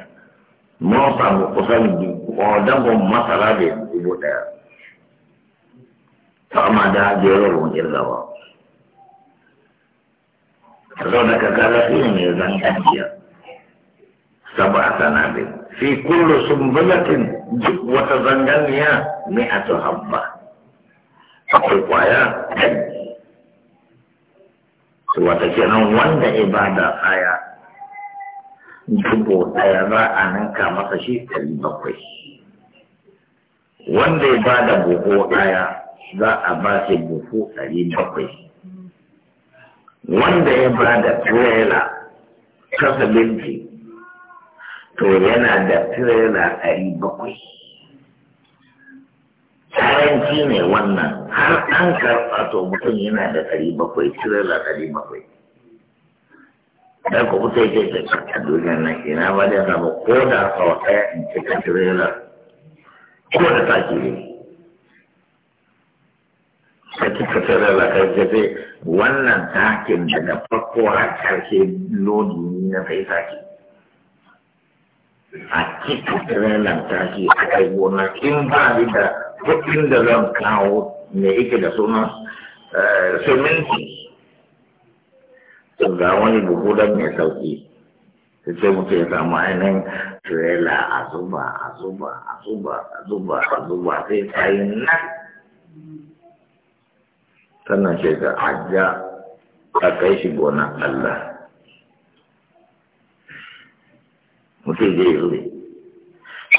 mun samu kusan dangon masara bai dubu ɗaya to amma da jero ruwan irgawa saboda ka kaga su ne zan kanciya fi kullu sumbulatin duk wata zanganiya mai a su habba ko kwaya su wata kenan wanda ibada kaya. dubu daya za a ninka masa shi ɗari bakwai wanda da buhu ɗaya, za a ba shi buhu ɗari bakwai wanda ya ba da tirela ta sabinci to yana da tirela ɗari bakwai karanci ne wannan har an karɓa to mutum yana da ɗari bakwai tirela ɗari bakwai da ku kusa yake da a duniyar nan ina ba da yasa ba ko da sau ɗaya in cika tirela ko da sake ne ka cika tirela kai jafe wannan takin daga farko har ƙarshe lodi na sai taki a cikin tirelan taki a kai gona in ba ni da kuɗin da zan kawo me yake da suna eh, siminti to ga wani buhu da mai sauki sai mutum ya samu ainihin trailer a zuba a zuba a zuba a zuba a zuba sai ta yi nan sannan sai ga hajja a kai shi gona Allah mutum zai zure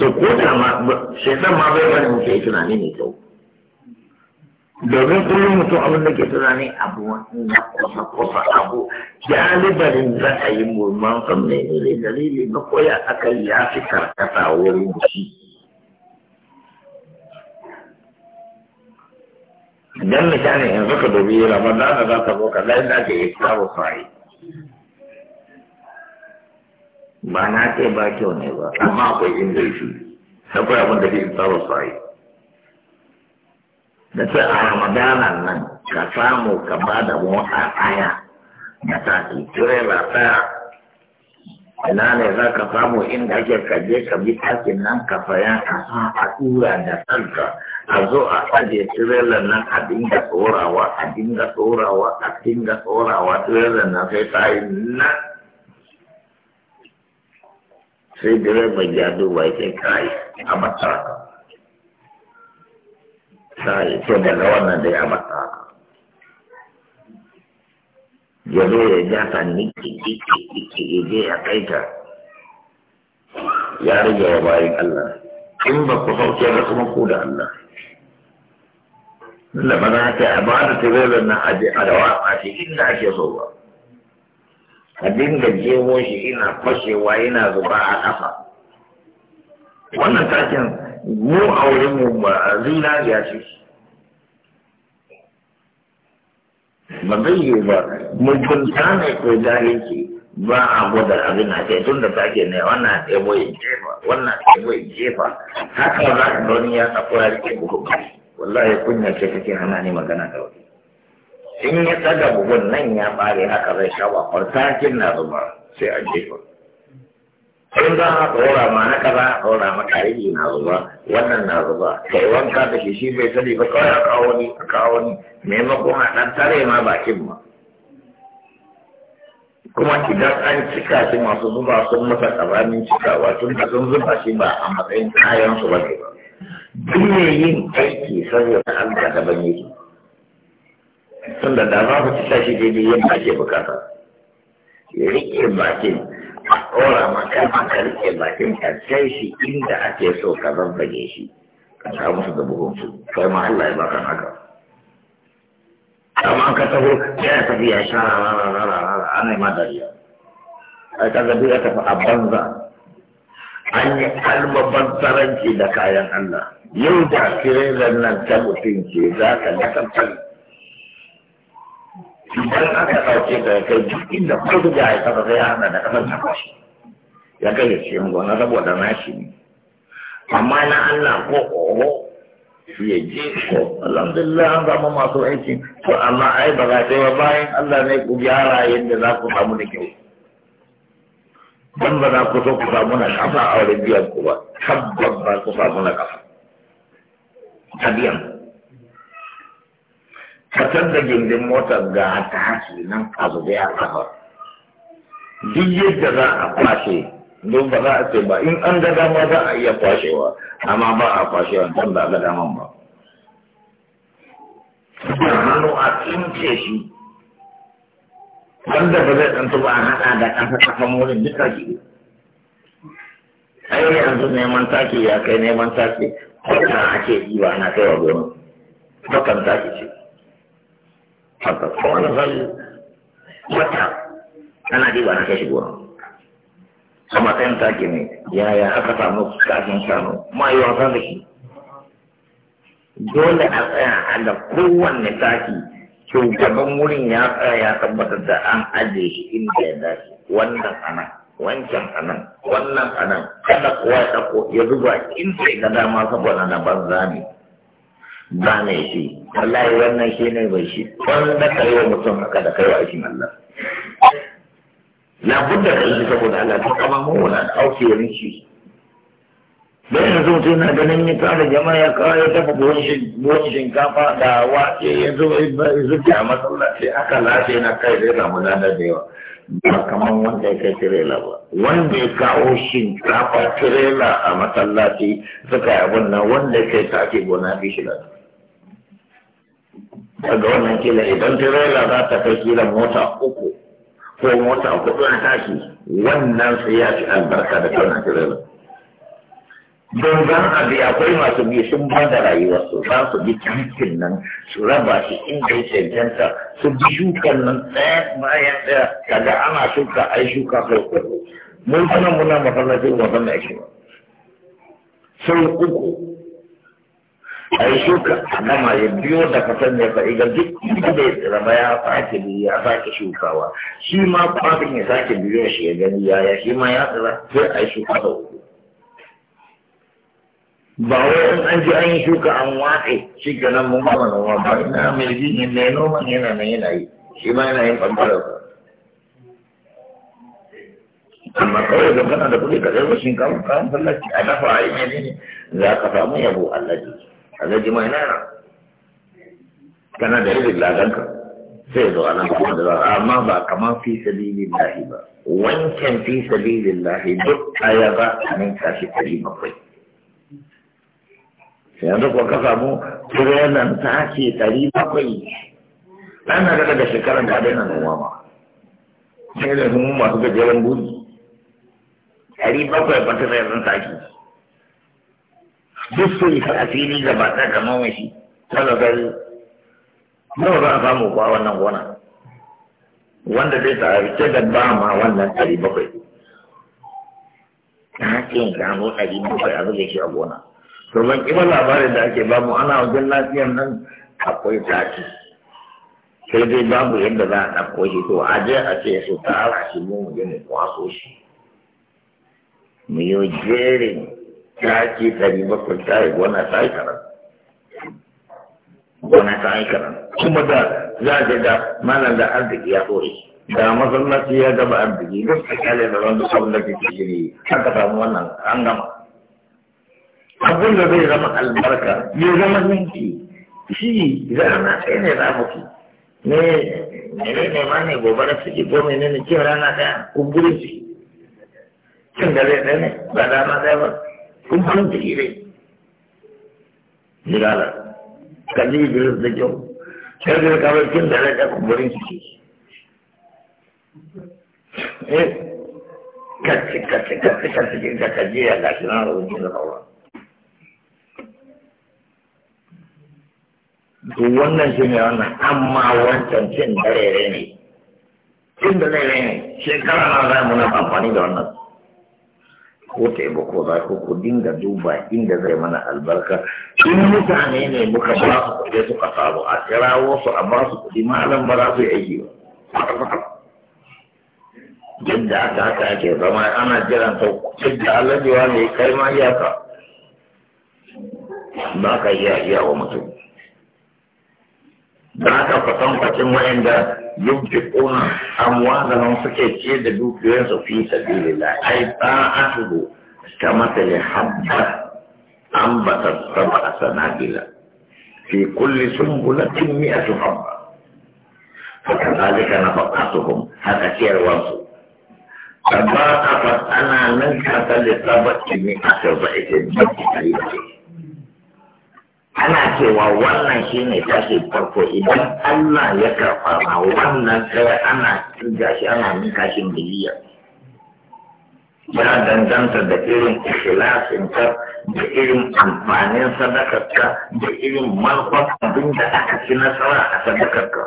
to ko da ma shaitan ma bai bari mutum ya tunani mai kyau domin kullum mutum abin da ke tunani abu na kusa kusa abu jalibarin ra'ayin mu man san ne dalili na koya akan ya fi karkata wurin shi dan misali yanzu ka ba ramadana za ka zo ka da inda ake tsaro sa'i ba na ce ba kyau ne ba amma akwai inda shi akwai abin da ke tsaro sa'i da ce a ramadana nan ka samu ka ba da mota aya da ta ki ba ta ina ne za ka samu inda ake kaje ka bi takin nan ka saya ka sa a tura da kanka a zo a aje tirelar nan a dinga tsorawa a dinga tsorawa a dinga tsorawa tirelar nan sai ta yi nan sai direban ya duba yake kai a matsaka sai to daga wannan dai a matsaka ya zo ya ja ta niki niki niki ya je ya kai ta ya rage wa bayan Allah in ba ku sauke ba kuma ku da Allah da ba za ta a ba da tirelar na aje a dawa a shi inda ake so ba a dinga jemo shi ina fashewa ina zuba a ƙasa wannan takin mu a wurin mu ba zinariya ce ba zai yi ba mutunta ne ko jahilci ba a gwada abin a ce tun da ta ke ne wannan ɗebo ya jefa wannan ɗebo ya jefa haka za a wani ya tsako ya rike buhu wallahi kunya ce kake hana ni magana da wani in ya tsaga bugun nan ya bare haka zai sha ba kwartakin na zuba sai a jefa in za a ɗora ma na kaza a ma maka na zuba wannan na zuba kai wanka da shi shi bai sani ba kawai a kawo ni a kawo ni maimakon a ɗan tare ma bakin ma kuma idan an cika shi masu zuba sun masa ƙazamin cikawa tun da sun zuba shi ba a matsayin kayan su ba ne ba duk mai yin aiki saboda an ka ban yake tun da za ku cika shi daidai yadda ake bukata ya bakin a tsora maka ka rike bakin ka kai shi inda ake so ka zabbage shi ka samu su da buhunsu kai ma Allah ya baka haka amma ka taho ya tafi ya sha ra ra ra ra ra ana ma dariya ai kaga duk ya tafi a banza an yi almabazzaranci da kayan Allah yau da kirelan nan ta mutum ce za ka ga idan aka ɗauke ka kai duk inda kudu da ya kasa sai ana da kasar ta kwashi ya kai da cikin gona saboda nashi ne amma na Allah ko oho ya je ko alhamdulillah an zama masu aiki to amma ai ba za ta yi bayan Allah ne ku gyara yadda za ku samu da kyau dan ba za ku so ku samu na kafa a wurin biyan ku ba tabbas ba ku samu na kafa ta biyan ku fitar da gindin motar ga ta haki nan a zube a kafa duk yadda za a kwashe don ba za a ce ba in an gada ma za a iya kwashewa amma ba a kwashewa don ba ga daman ba da hannu a tsince shi wanda ba zai tsantu ba a haɗa da ƙasa ƙasan wurin duka ke ai yanzu neman taki ya kai neman take ko ta ake yi ba na kai wa gona bakan taki ce haka kowane zai wata ana diba na kashi goma a matsayin take ne yaya aka samu kafin samu ma yi wasa dole a tsaya a da kowanne taki shugaban wurin ya tsaya ya tabbatar da an ajiye shi inda ya dace wannan anan wancan anan wannan anan kada kowa ya ɗauko ya zuba in ya ga dama saboda na banza ne ba mai shi wallahi wannan shi ne bai shi don da kai wa mutum haka da kai aikin Allah na budda da yi saboda Allah ta kama mu wala auki wurin shi don yanzu mutum na ganin ya tara jama'a ya kawo ya tafa buwan shinkafa da wake ya zo zuciya a masallaci aka lafiya na kai zai samu lada da yawa ba kamar wanda ya kai tirela ba wanda ya kawo shinkafa tirela a masallaci suka yi abin nan wanda ya kai ta ake gona fi shi lada daga wannan kila idan tirela za ta kai kila mota uku ko mota hudu na tashi wannan sai ya fi albarka da wannan tirela don zan abi akwai masu bi sun ba da su za su bi tankin nan su raba shi inda ya cancanta su bi shukan nan ɗaya bayan ɗaya kaga ana shuka ai shuka sau mun kuma muna masallacin wasan da ake ba sau uku a yi shuka amma ma ya biyo da kasan ya faɗi ga duk inda bai tsira ya sake biyu ya sake shukawa shi ma kwafin ya sake biyo shi ya gani ya shi ma ya tsira sai a yi shuka sau uku ba wai in an ji an yi shuka an watse shi ga nan mun gama noma ba ina mai ji ne mai noma yana nan yana yi shi ma yana yin ɓangaren sa amma kawai don kana da kuɗi ka zai shinkafa kan fallaci a dafa a yi ne za ka samu yabo Allah jiki alhaji mai naira kana da irin ladanka sai zo ana kuma da za amma ba kamar fi sabili lahi ba wancan fi sabili lahi duk aya ba a nan tashi ɗari bakwai sai yanzu kuwa ka samu tirayen tashi ɗari bakwai ɗana da daga shekarar da daina noma ma sai da sun masu gajeren buri ɗari bakwai ba ta tashi duk su isa a fili gaba ɗaya ka nome shi kaga gari nawa za a samu kuwa wannan gona wanda zai tsarike da ba ma wannan ɗari bakwai ta hakin gano ɗari bakwai a zuge shi a gona to ban kima labarin da ake bamu ana wajen lafiyan nan akwai taki sai dai babu yadda za a ɗauko shi to a je a ce su tara shi mu mu je mu kwaso shi mu yi jerin ta ce ɗari bakwai ta yi gona ta yi karan gona ta yi karan kuma da za a da malam da arziki ya tsore da masallaci ya gaba arziki duk da kyale da wani duk abin da ke jiri ka samu wannan an gama abin da zai zama albarka ya zama ninki shi rana ɗaya ne za mu ki ne ne ma ne gobara ciki ko menene cin rana ɗaya kumburin ciki cin dare ɗaya ne ba rana ɗaya ba Kun farin ciki dai jirala ka ji idris da kyau sai da ka bar kin da rai ka kumburin ciki eh ka ci ka ci ka ci ka ya gashi na da wannan shi ne wannan amma wancan cin da rere ne cin da rere ne shekara na za mu na amfani da wannan ko taimako za ku ku dinga duba inda zai mana albarka in mutane ne muka ba su kuɗi suka samu a kirawo su a ba su kuɗi malam ba za su yi aiki ba yadda aka haka ake zama ana jiran ta yadda alajewa ne kai ma iyaka ba ka iya iya wa mutum ba ka fasan kwacin wa'anda yunfiquna amwalahum suke ce da dukiyoyinsu fi sabilillah ai ta'atuhu kamathali habba ambatat sab'a sanabila fi kulli sunbulatin mi'atu habba فكذلك نفقاتهم هذا كير وانسو فما أفت أنا منك فلطبت مئة ضعف من ana cewa wannan shi ne tashi farko idan Allah ya karfa ma wannan ɗaya ana tuga shi ana ninka shi miliyan ya danganta da irin ikhlasin ka da irin amfanin sadakar ka da irin manufar abin da aka ci nasara a sadakar ka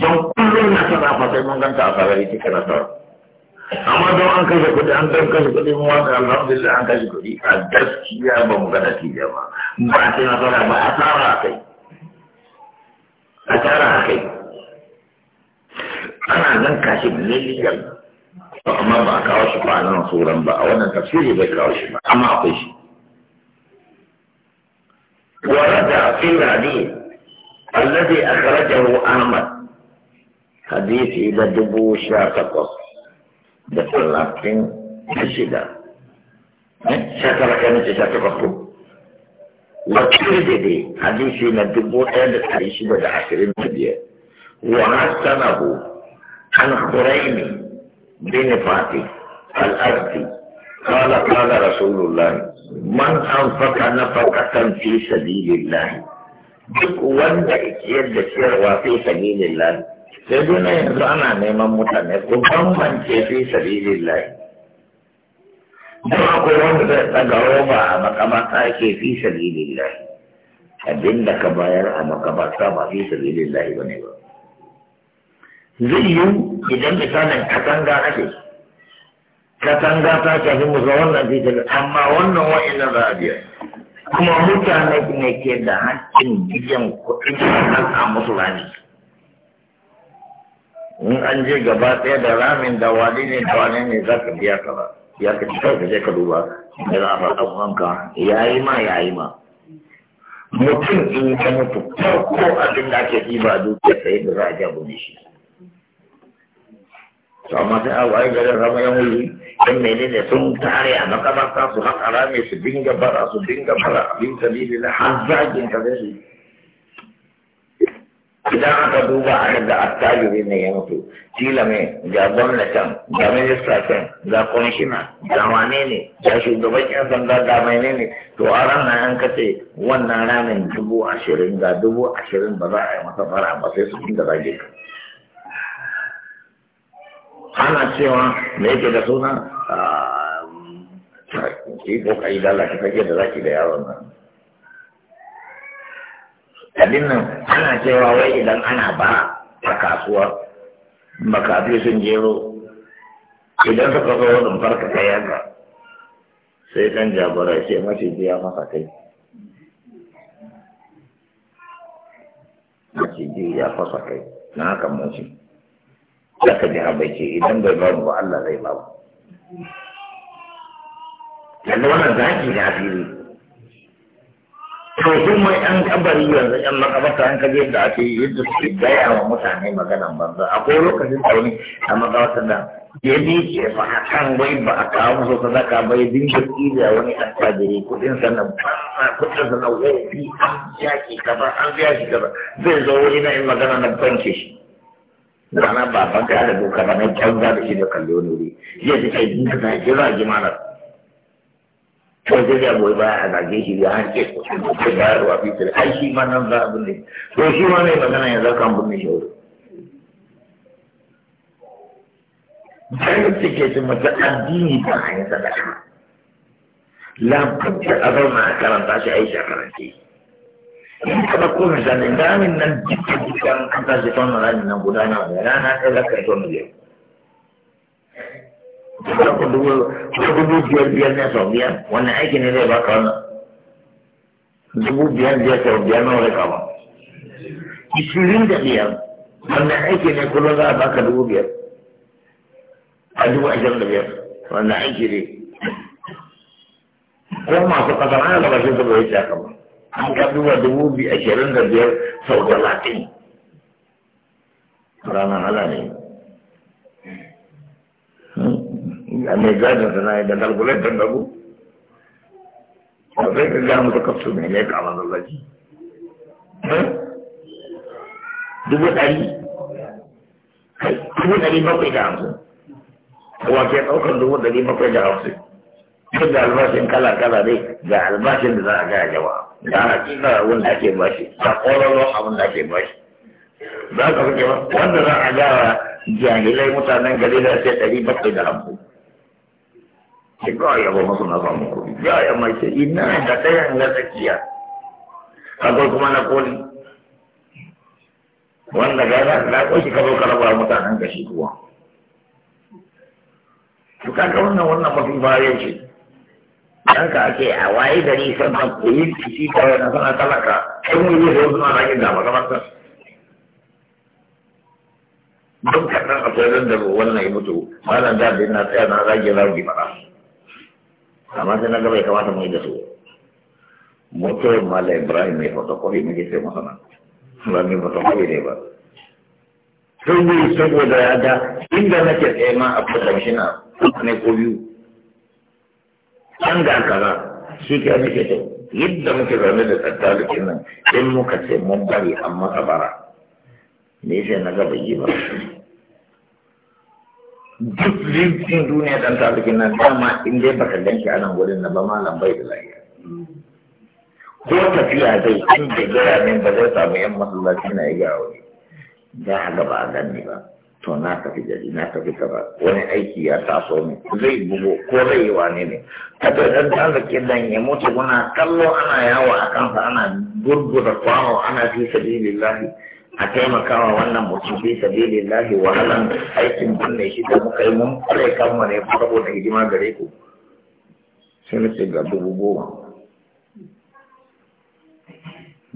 don kullum nasara fa sai mun ganta a sarari cikin nasara amma don an kashe kuɗi an ɗan kashe kuɗi mu wani alhamdulillah an kashe kuɗi a gaskiya ba mu ga natija ba ba a cikin nasara ba a tsara a kai a tsara a kai ana nan kashe miliyan amma ba a kawo shi ba a nan tsoron ba a wannan tafsiri bai kawo shi ba amma akwai shi ورد في الحديث الذي أخرجه أحمد حديث إلى دبو شاتقص da talatin da shida sha tara kai mace sha hadisi na dubu ɗaya da ɗari shida da ashirin da biyar wa hasanahu an duk wanda yake da ciyarwa fi sabilillah sai duna yanzu ana neman mutane ku bambance fi sabilillahi kuma ko wanda zai daga roba a makabarta ke fi sabilillahi abin da ka bayar a makabarta ba fi sabilillahi bane ba zai yi idan misalin katanga ake katanga ta shafi musa wannan fi sabilillahi amma wannan wa'annan za a biya kuma mutane ne ke da hakkin biyan kuɗin a musu in an je gaba ɗaya da ramin da wani ne da wani ne za ka biya ka ba ya ka cikar ka je ka duba da za a faɗa wanka ya yi ma ya yi ma mutum in ta mutu farko abin da ake yi ba dukiya sai da za a ja bude shi to amma sai a waye garin rama yan wuri yan menene sun tare a makamarta su haƙa rami su dinga bara su dinga bara abin sabili na har zagin ka zai idan aka duba a ga attajiri ne ya mutu kila mai ga gwamnatin ga minista can ga kwamishina ga wane ne ga shugaban yan sanda ga mai ne to a ranar an kace wannan ranar dubu ashirin ga dubu ashirin ba za a yi masa fara ba sai su inda zage ka ana cewa me yake da suna ki ah, kokari da Allah ki da zaki da yaron nan abin nan ana cewa wai idan ana ba a kasuwa makafi sun jero idan suka zo wani farka ta yanka sai kan jagora sai mace biya maka kai mashi biya fasa kai na haka mace, ya ka ji habaice idan bai bamu ba Allah zai bamu yanzu wannan zaki da asiri to sun mai an kabari yanzu yan makabarta an kaje da ake yi, yadda suke gaya wa mutane maganan banza akwai lokacin da a makabarta da ya bi ke fa a kan wai ba a kawo musu sadaka ba da dinga tsira wani attajiri kudin sa na banza kudin sa na wofi an biya shi kaza an biya shi kaza zai zo wani na yin magana na banke shi rana ba banka da doka ba na canza da shi da kalli wani wuri ya ji kai dinga zage zage malar ko zai ya goyi baya a zage shi ya hanke ko sai bayarwa fitar ai shi ma nan za a binne to shi ma mai magana ya zaka binne shi wuri bayan suke su mata addini ba a yi sadaka labarta a zauna a karanta shi a yi shakaranci in ka ɗauko misalin ramin nan duka duka an shi tona ramin nan guda nawa ne rana ɗaya za ka yi tona biyar da ku dubu dubu biyar biyar ne sau biyar wannan aiki ne zai baka wannan dubu biyar biyar sau biyar nawa wani kama ishirin da biyar wannan aiki ne kullum za a baka dubu biyar a dubu ashirin da biyar wannan aiki ne ko masu kasar ana da bashin saboda ya ce kama an ka duba dubu biyu ashirin da biyar sau talatin ranar hala ne ya mai gadin sana da kalkuletar da ku ba ka gaya ne kama zallaci dubu ɗari dubu bakwai da hamsin wa ke ɗaukar dubu ɗari bakwai da hamsin duk da albashin kala kala dai ga albashin da za a gaya jama'a da hakika abin da ake bashi da ƙwararrun abin ake bashi za ka fi wanda za a gaya jahilai mutanen gari da sai ɗari bakwai da hamsin sai kawai yabo masu na samun kuɗi ya ya mai ina da ɗayan na tsakiya akwai kuma na koli wanda ga za ka ko shi ka zo ka wannan wannan mafi bayan shi ake a waye gari sama sana talaka yi da wasu na rakin da makamantar don kaɗan akwai wannan ya mutu malam da na tsaya na rage ragi fara amma sai na gaba ya kamata mu yi da su ce mala ibrahim mai fotokofi muke sai masa nan ba mai fotokofi ne ba sun yi saboda ya da inda nake tsaye ma a na ne ko biyu can ga kaza su ke nake to yadda muke zaune da tattalikin nan in muka ce mun bari amma a bara ne sai na gaba yi ba duk rinkin duniya dan tafikin nan dama in dai baka ganke anan wurin na ba malam bai da lafiya ko tafiya zai in da gaya min ba zai samu yan masallaci na iya gawo da haka a ganni ba to na tafi gari na tafi gaba wani aiki ya taso ne zai bugo ko zai yi wane ne kada dan tafikin dan ya mutu kuna kallo ana yawo a kansa ana gurgura kwano ana fi lillahi a taimakawa wannan mutum fi lillahi wahalan aikin ne shi da muka yi mun kare kanmu ne saboda hidima gare ku sai na ce ga dubu goma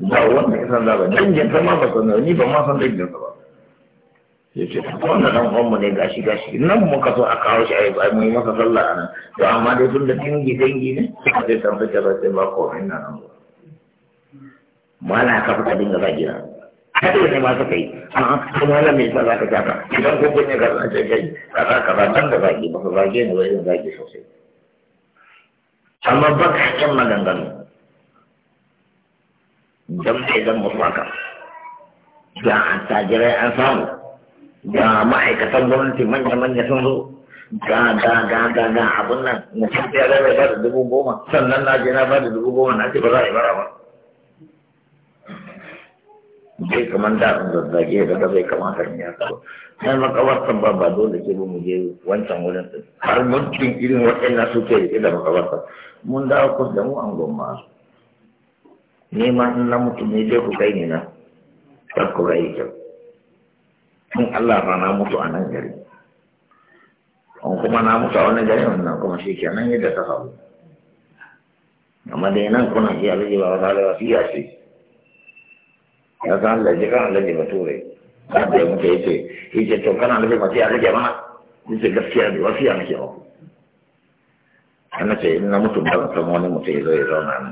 ba wanda ya san zaba don ta ma ba san ni ba ma san da ta ba ya ce ta wanda nan kwanmu ne gashi gashi nan muka so a kawo shi a yi mu yi masa sallah a nan to amma dai tun da dangi dangi ne sai san fice ba sai ba kowane na nan ba ma na kafa ka dinga ba gida kada ne ma suka yi kuma la me yasa ka idan ko kun ka zance kai da zaki ba zage ne ba sosai amma ba ka maganganu ga attajirai an samu ga ma'aikatan gwamnati manya-manya sun zo ga ga ga ga ga abun nan mutum ya rai ba dubu goma sannan na je na bada dubu goma na ce ba za a yi bara ba bai kaman da an zazzage da da bai kamata ne haka ba sai makabartan ba ba dole ke ba mu je wancan wurin har mutum irin waɗannan suke rike da makabartan mun dawo ku da mu an goma. ne ma in na mutum ne je ku kai ni na kar ku rai kyau in Allah rana mutu a nan gari an kuma na mutu a wani gari wannan kuma shi ke nan yadda ta hau. amma dai nan kuna iya rage ba wata da wasiya ce ya san Allah ji kan Allah ji bature da da muke yace yace to kana Allah a sai Allah ni ce gaskiya ne wasiya nake ba ana ce ina mutu ba san wani mutum zai zauna nan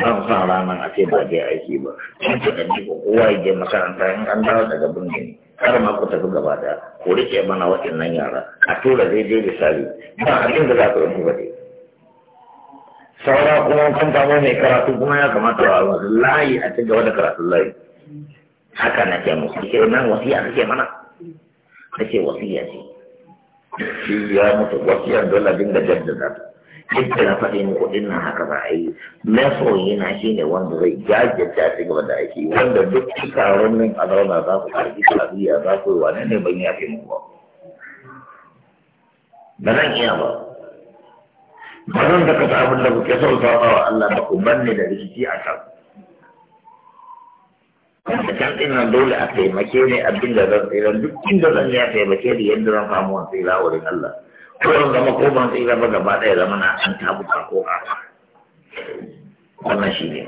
ban san ranar a ce ba je aiki ba in ka kanji ko kowa ya je makaranta in an dawo daga birni kar ma ku tafi gaba da ko rike mana waɗannan yara a tura daidai da sari ba abin da za ku yi ba dai saura kuma kun samu mai karatu kuma ya kamata a layi a ci gaba da karatun layi haka na ce musu ke nan wasiya kake mana na ce wasiya ce shi ya mutu wasiyar dole dinga jaddada duk da na faɗi muku din nan haka ba a yi masoyi na shi ne wanda zai jajjata ci gaba da aiki wanda duk taron nan a zauna za ku karbi tarbiyya za ku wane ne ban yafe muku ba ba nan iya ba ba zan da kasa abin da kuke son sabawa Allah ba ku banne da rikici a kan kan kantin nan dole a taimake ne abin da zan tsira duk inda zan ya taimake ni yadda zan samu wani tsira wurin Allah ko zan zama ko ban tsira ba gaba ɗaya zama na an tabuka ko a wannan shi ne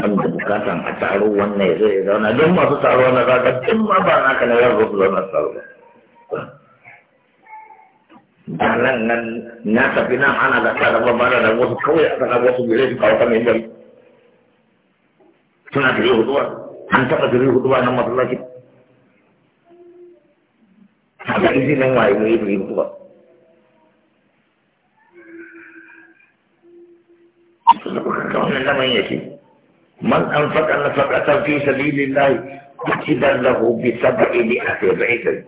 an da bukatan a taro wannan ya zai zauna don masu taro na zaga tun ma ba na kana yau su zauna taro ba nan nan na tafi nan ana da tsara ba ba da wasu kawai a tsara wasu gire su kawo mai yin suna da huduwa an taɓa da huduwa nan masallaci a ga izinin waye ne yi huduwa wannan lamarin yake man an faɗa na faɗa fi sabilin lahi kucidan lahu bi saba'i li asiraitin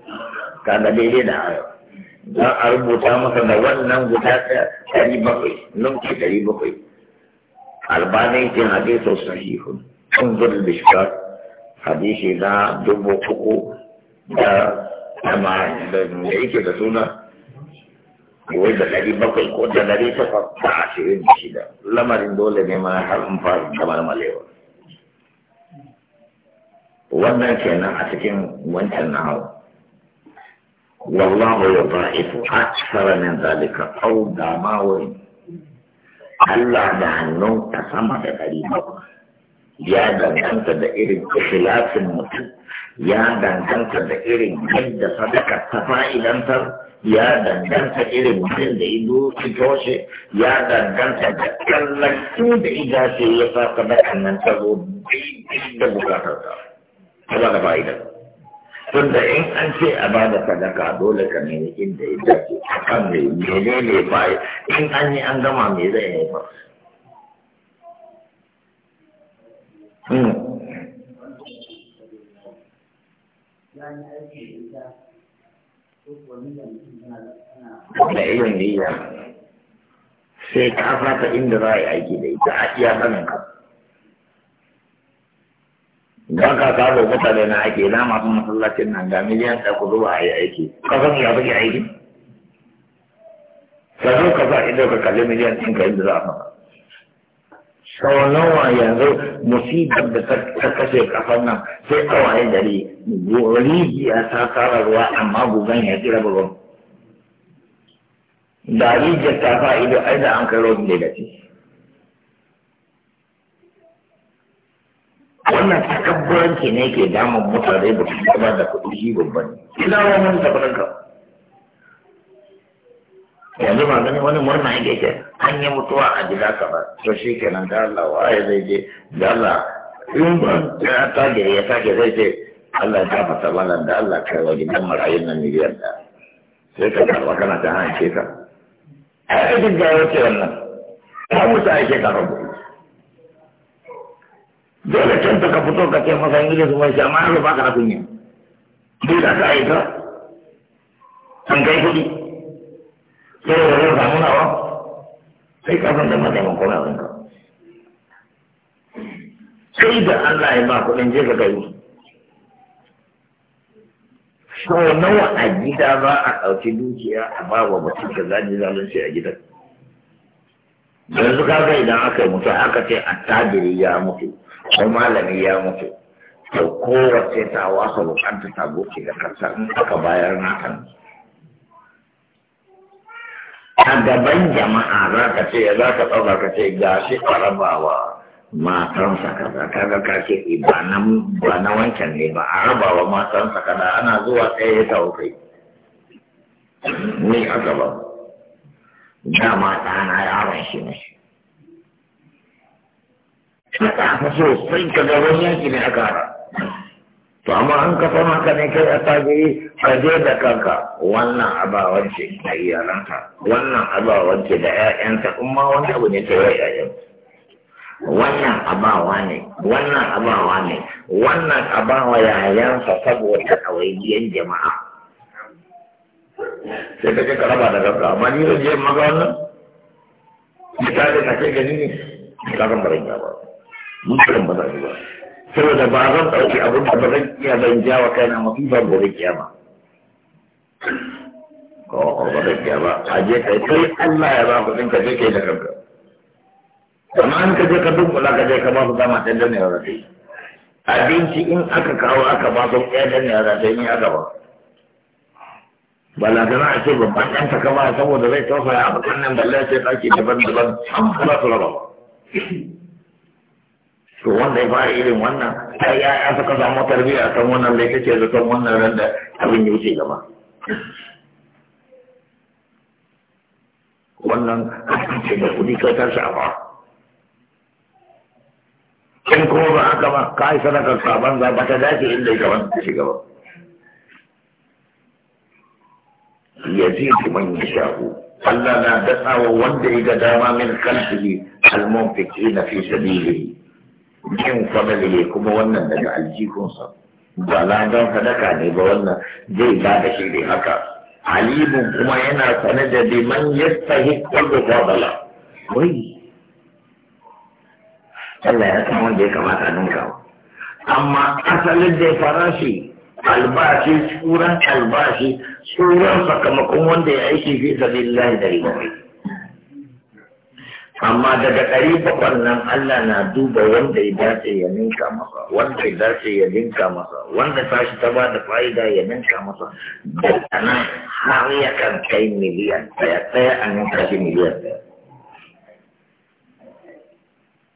kaga daidai da ayo za a rubuta masa da wannan guda ɗari bakwai ninki ɗari bakwai albanin ke hadisu sahihun انظر الإشكال حديث لا دب فقو لا أما da لسونا wai da dari bakwai ko da ɗari takwas da ashirin da shida lamarin dole ne ma har in fara kamar malewa wannan kenan a cikin wancan na hau wallahu ya ba'ifu aksara min zalika au da ma wai Allah da hannun ta sama da ɗari bakwai ya danganta da irin ikhlasin mutum ya danganta da irin yadda sadaka ta fa'idantar ya danganta irin mutum da ido toshe ya danganta da kallaki da idace ya sa sadakan nan ta zo da bukatar ta ta ba da fa'idar tunda in an ce a ba da sadaka dole ka nemi inda ya dace a kan mai menene ba in an yi an gama me zai haifar da irin niyya sai ka fata inda za a yi aiki da ita a iya sanin ka don ka sabo mutane na ake na masu masallacin nan ga miliyan ɗaya ku zuwa a yi aiki ka san ya suke aiki sannan ka sa ido ka kalli miliyan ɗin ka inda za a fata sau nawa yanzu musibar da ta kashe kafar nan sai kawaye gari rijiya ta fara ruwa amma gugan ya tsira ruwan da rijiyar ta fa'ido ai da an kai rogin da gaci wannan takabbaranci ne ke damun mutane ba su da kuɗi shi babban ina wa mun tabbatar yanzu ba gani wani murna yake ke an yi mutuwa a gida kaza to shi kenan da Allah waye zai je da Allah in ba ya tage ya tage zai ce Allah ya fata mana da Allah kai wa gidan marayun nan miliyan da sai ka karba kana ta hanyar ce ka ai duk ga wace wannan ta mutu ake karbu dole can ka fito ka ce masa in gidan su mai jama'a ba ka da kunya dole ka aika an kai kuɗi sai da zai samu nawa sai ka san da mataimakon kuma abin ka sai da Allah ya ba kuɗin je ka gari so nawa a gida za a ɗauki dukiya a ba wa mutum ka zaji zalunci a gidan yanzu kaga idan aka yi mutu aka ce attajiri ya mutu ko malami ya mutu to kowace ta wasa bukanta ta goce da kansa in aka bayar na kan a gaban jama'a za ka ce za ka ɗauka ka ce ga shi rabawa matansa kaza kaga ka ce eh, ba na ba na wancan ne ba Arabawa rabawa matansa kaza ana zuwa tsaye ta kai ni aka ba dama na yaron shi ne ka aka so sai ka ga wani yanki ne aka hara to amma an ka fama ka ne kai a tajiri ka je da kanka wannan abawance da iyalanka wannan abawance da ƴaƴanka in ma wani abu ne ta yi ƴaƴan wannan abawa ne wannan abawa ne wannan abawa yayansa saboda ɗawainiyar jama'a sai ka ce ka raba da kanka amma ni zan je maka wannan misali na ce gani ne ka san barin ba mun kan ba saboda ba zan ɗauki abin da ba zan iya zan jawo kaina mafi ban gobe kiyama ko ba ke ba a je kai kai Allah ya ba ku ɗin ka je kai da kanka amma an ka je ka dunkula ka je ka ba su dama ta danne wa rafi abinci in aka kawo aka ba su ɗaya ne ya rafi in aka ba gana a ce babban ɗan ta kama saboda zai tausaya ya abu nan balle ce ɗaki daban-daban an kula su raba to wanda ya fara irin wannan ai ya suka samu tarbiyya kan wannan laifin ce zaton wannan ran da abin ya wuce gaba wannan ce da kudi kai ta shafa in kuma ba haka ba ka yi sadakar sabon za ba ta dace inda ya wani ta shiga ba ya ji man ya shafu Allah na daɗawa wanda ya ga dama min kalfihi almunfiki na fi sabili min fadalihi kuma wannan daga aljihunsa ba na don sadaka ne ba wannan zai ba da shi ne haka alimun kuma yana sane da liman sahi kwallo ba bala wai Allah ya san wanda ya kamata ninka amma asalin da farashi albashi tsuran albashi tsuran sakamakon wanda ya aiki fi sabilillahi da riba amma daga ɗari bakwai nan Allah na duba wanda ya dace ya ninka masa wanda ya dace ya ninka masa wanda tashi ta ba da fa'ida ya ninka masa daga nan har ya kan kai miliyan ɗaya ɗaya a ninka shi miliyan ɗaya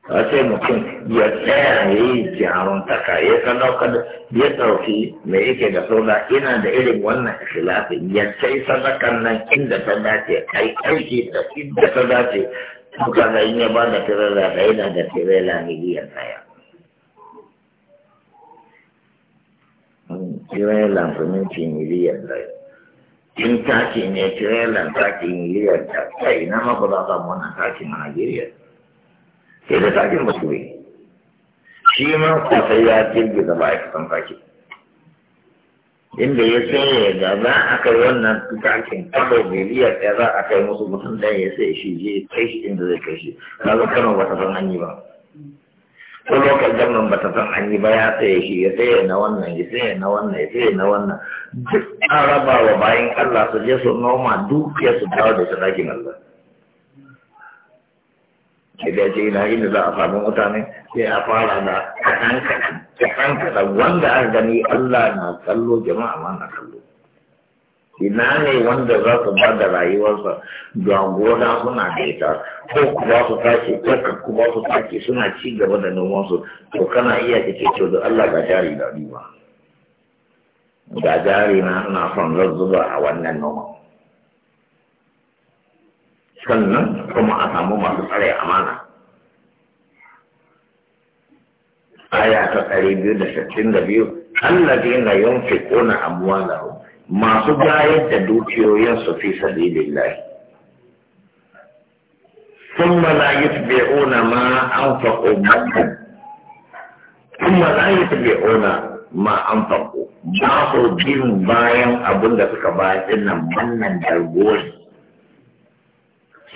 a ce mutum ya tsaya ya yi jarumtaka ya ka da ya ɗauki mai yake da sauda ina da irin wannan ikhlafin ya kai sadakan nan inda ta dace kai aiki da inda ta dace Suka ga in ya ba da tirela da yana da tirela miliyan ɗaya. Tirelan suminci miliyan ɗaya. In taki ne tirelan taki miliyan ɗaya. Kai na maka za ka wannan takin a Najeriya. Sai da takin musulmi. Shi ma kwasai ya jirgi da ba a kasan takin. inda ya ce da za a kai wannan tutakin kabo biliya ya za a kai musu mutum ɗaya ya sai shi je kai shi inda zai kai shi na zo kano ba ta san an yi ba ko lokal gamman ba ta san an yi ba ya sai shi ya sai na wannan ya sai na wannan ya sai na wannan duk an raba wa bayan Allah su je su noma duk ya su dawo da sadakin Allah da ce ina inda za a samu mutane sai a fara da kaɗan kaɗan kaɗan wanda an gani Allah na kallo jama'a ma na kallo ina ne wanda za su ba da rayuwarsa don gona suna da ita ko kuma su tashi ko kuma su tashi suna ci gaba da nomansu to kana iya kike ce da Allah ga jari da ba ga jari na ina son zazzuba a wannan noman sannan kuma a samu masu tsare amana aya ta ɗari biyu da sittin da biyu allazi na yanke ƙona amwalahu masu bayar da dukiyoyinsu fi ona sabilillahi ثم لا يتبعون ما أنفقوا مكة ثم لا يتبعون ما أنفقوا ba su jin bayan abin da suka bayar din nan wannan dalgori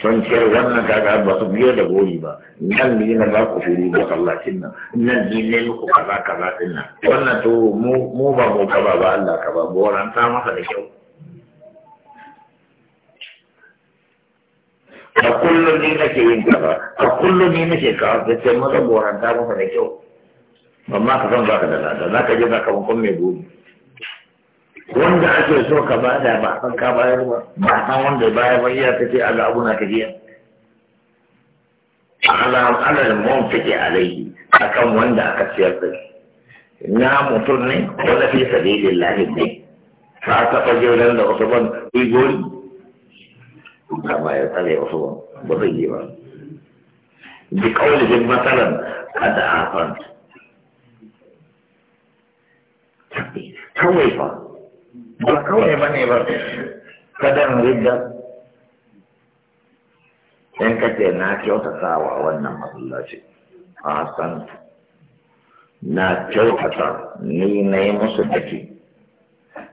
sun ce wannan kaga ba su biyo da goyi ba nan ne na ba ku shuru da Allah tinna nan ne ne muku kaza kaza tinna wannan to mu mu ba mu ka ba ba Allah ka ba boran ta masa da kyau a kullum ne nake yin kaza a kullum ne nake kaza da ce masa boran ta masa da kyau amma ka san ba ka da lada za ka je za ka mun kun mai goyi wanda ake so ka bada ba san ka bayar ba ba san wanda bayar ba iya kace Allah abu na tafiya ala ala mun fike alai akan wanda aka siyar da na mutum ne wanda fi sabilillahi ne ka ta faje da Usman yi gori kama ya tsare Usman ba zai yi ba bi kauli bin masalan kada afan kawai fa ba kawai ba ne ba kadan ridda in ka ce na kyautata wa wannan masallaci a san na kyautata ni na yi musu daki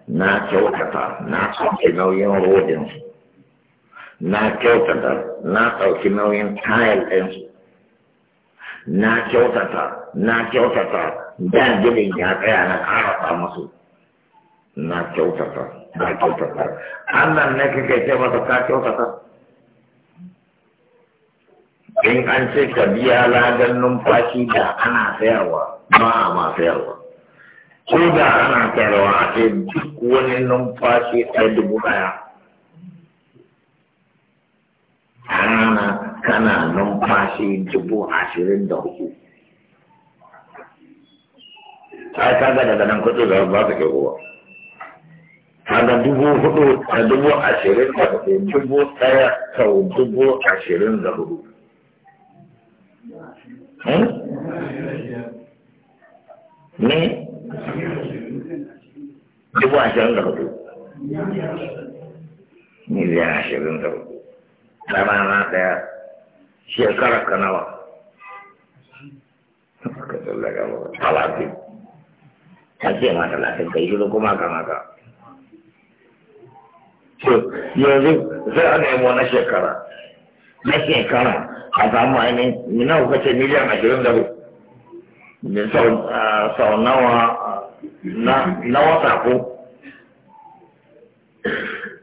na kyautata na sauke nauyin rodinsu na kyautata na ɗauki nauyin tayar ɗinsu na kyautata na kyautata da gidan ya tsaya na ƙarasa musu na kyautata na kyautata Allah ne kake ce masa ka kyautata in an ce ka biya ladan numfashi da ana sayarwa ba a ma sayarwa ko da ana sayarwa a ce duk wani numfashi a dubu ɗaya. a rana kana numfashi dubu ashirin da hudu ai kaga daga nan kuɗi da ba su ke kowa kaga dubu hudu da dubu ashirin da hudu dubu daya sau dubu ashirin da hudu ne hmm? dubu ashirin da hudu miliyan ashirin da hudu rana daya shekara kanawa talatin a ce ma talatin kai shi kuma kama ka yanzu sai a nemo na shekara na shekara a samu ainihin mina kuka ce miliyan ashirin da sau nawa na wata ko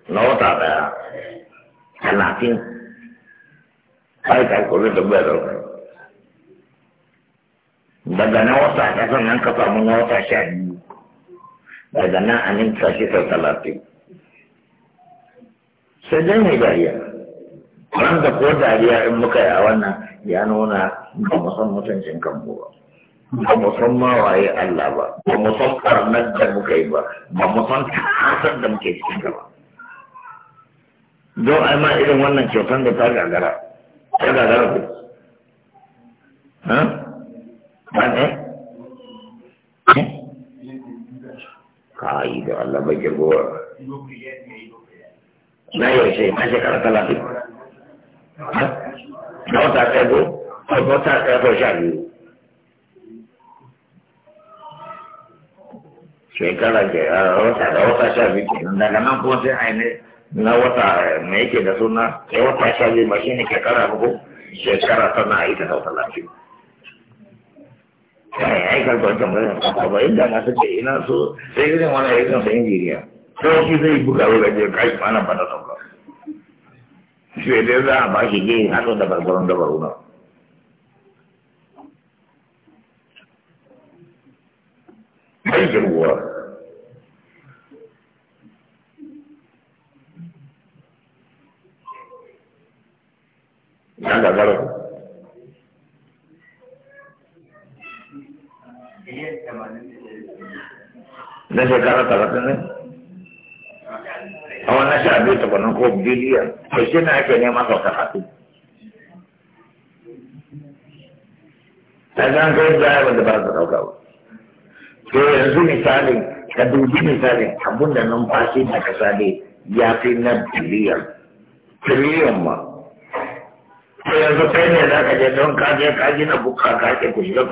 na wata daya talatin ai kalkulin da bai dauka daga na wata kasan nan ka samu na wata sha biyu daga nan a ninka shi sau talatin sai dai mai dariya wanda ko dariya in muka yi a wannan ya nuna ba mu san mutuncin kanmu ba ba mu san mawaye Allah ba ba mu san karnar da muka yi ba ba mu san tasar da muke cikin ba don ai ma irin wannan kyautan da ta gagara ta gagara ku ha ba ne kai da Allah bai girgowa na yaushe ma shekara talatin na wata ɗaya ko wata ɗaya ko sha biyu shekara ke wata da wata sha biyu kenan daga nan kuma sai a ne na wata eh, me yake da suna sai wata sha biyu ba shine shekara ko shekara tana ita da talatin kai ai kalbar tambayar ba inda masu ce ina so sai irin wani aikin sa injiniya sai shi zai buga wuga je kai mana ba sauka shi za a bashi da barbaron da baruna mai ya gagara na shekara talatin ne a wannan sha biyu tukunan ko biliyan to shi na ake neman sau takatu ta zan kai da yawa da ba su ɗauka to yanzu misalin ka dubi misalin abun da numfashi da ka ya fi na biliyan triliyan ma to yanzu kai ne za ka je ka gina bukka ka ake shiga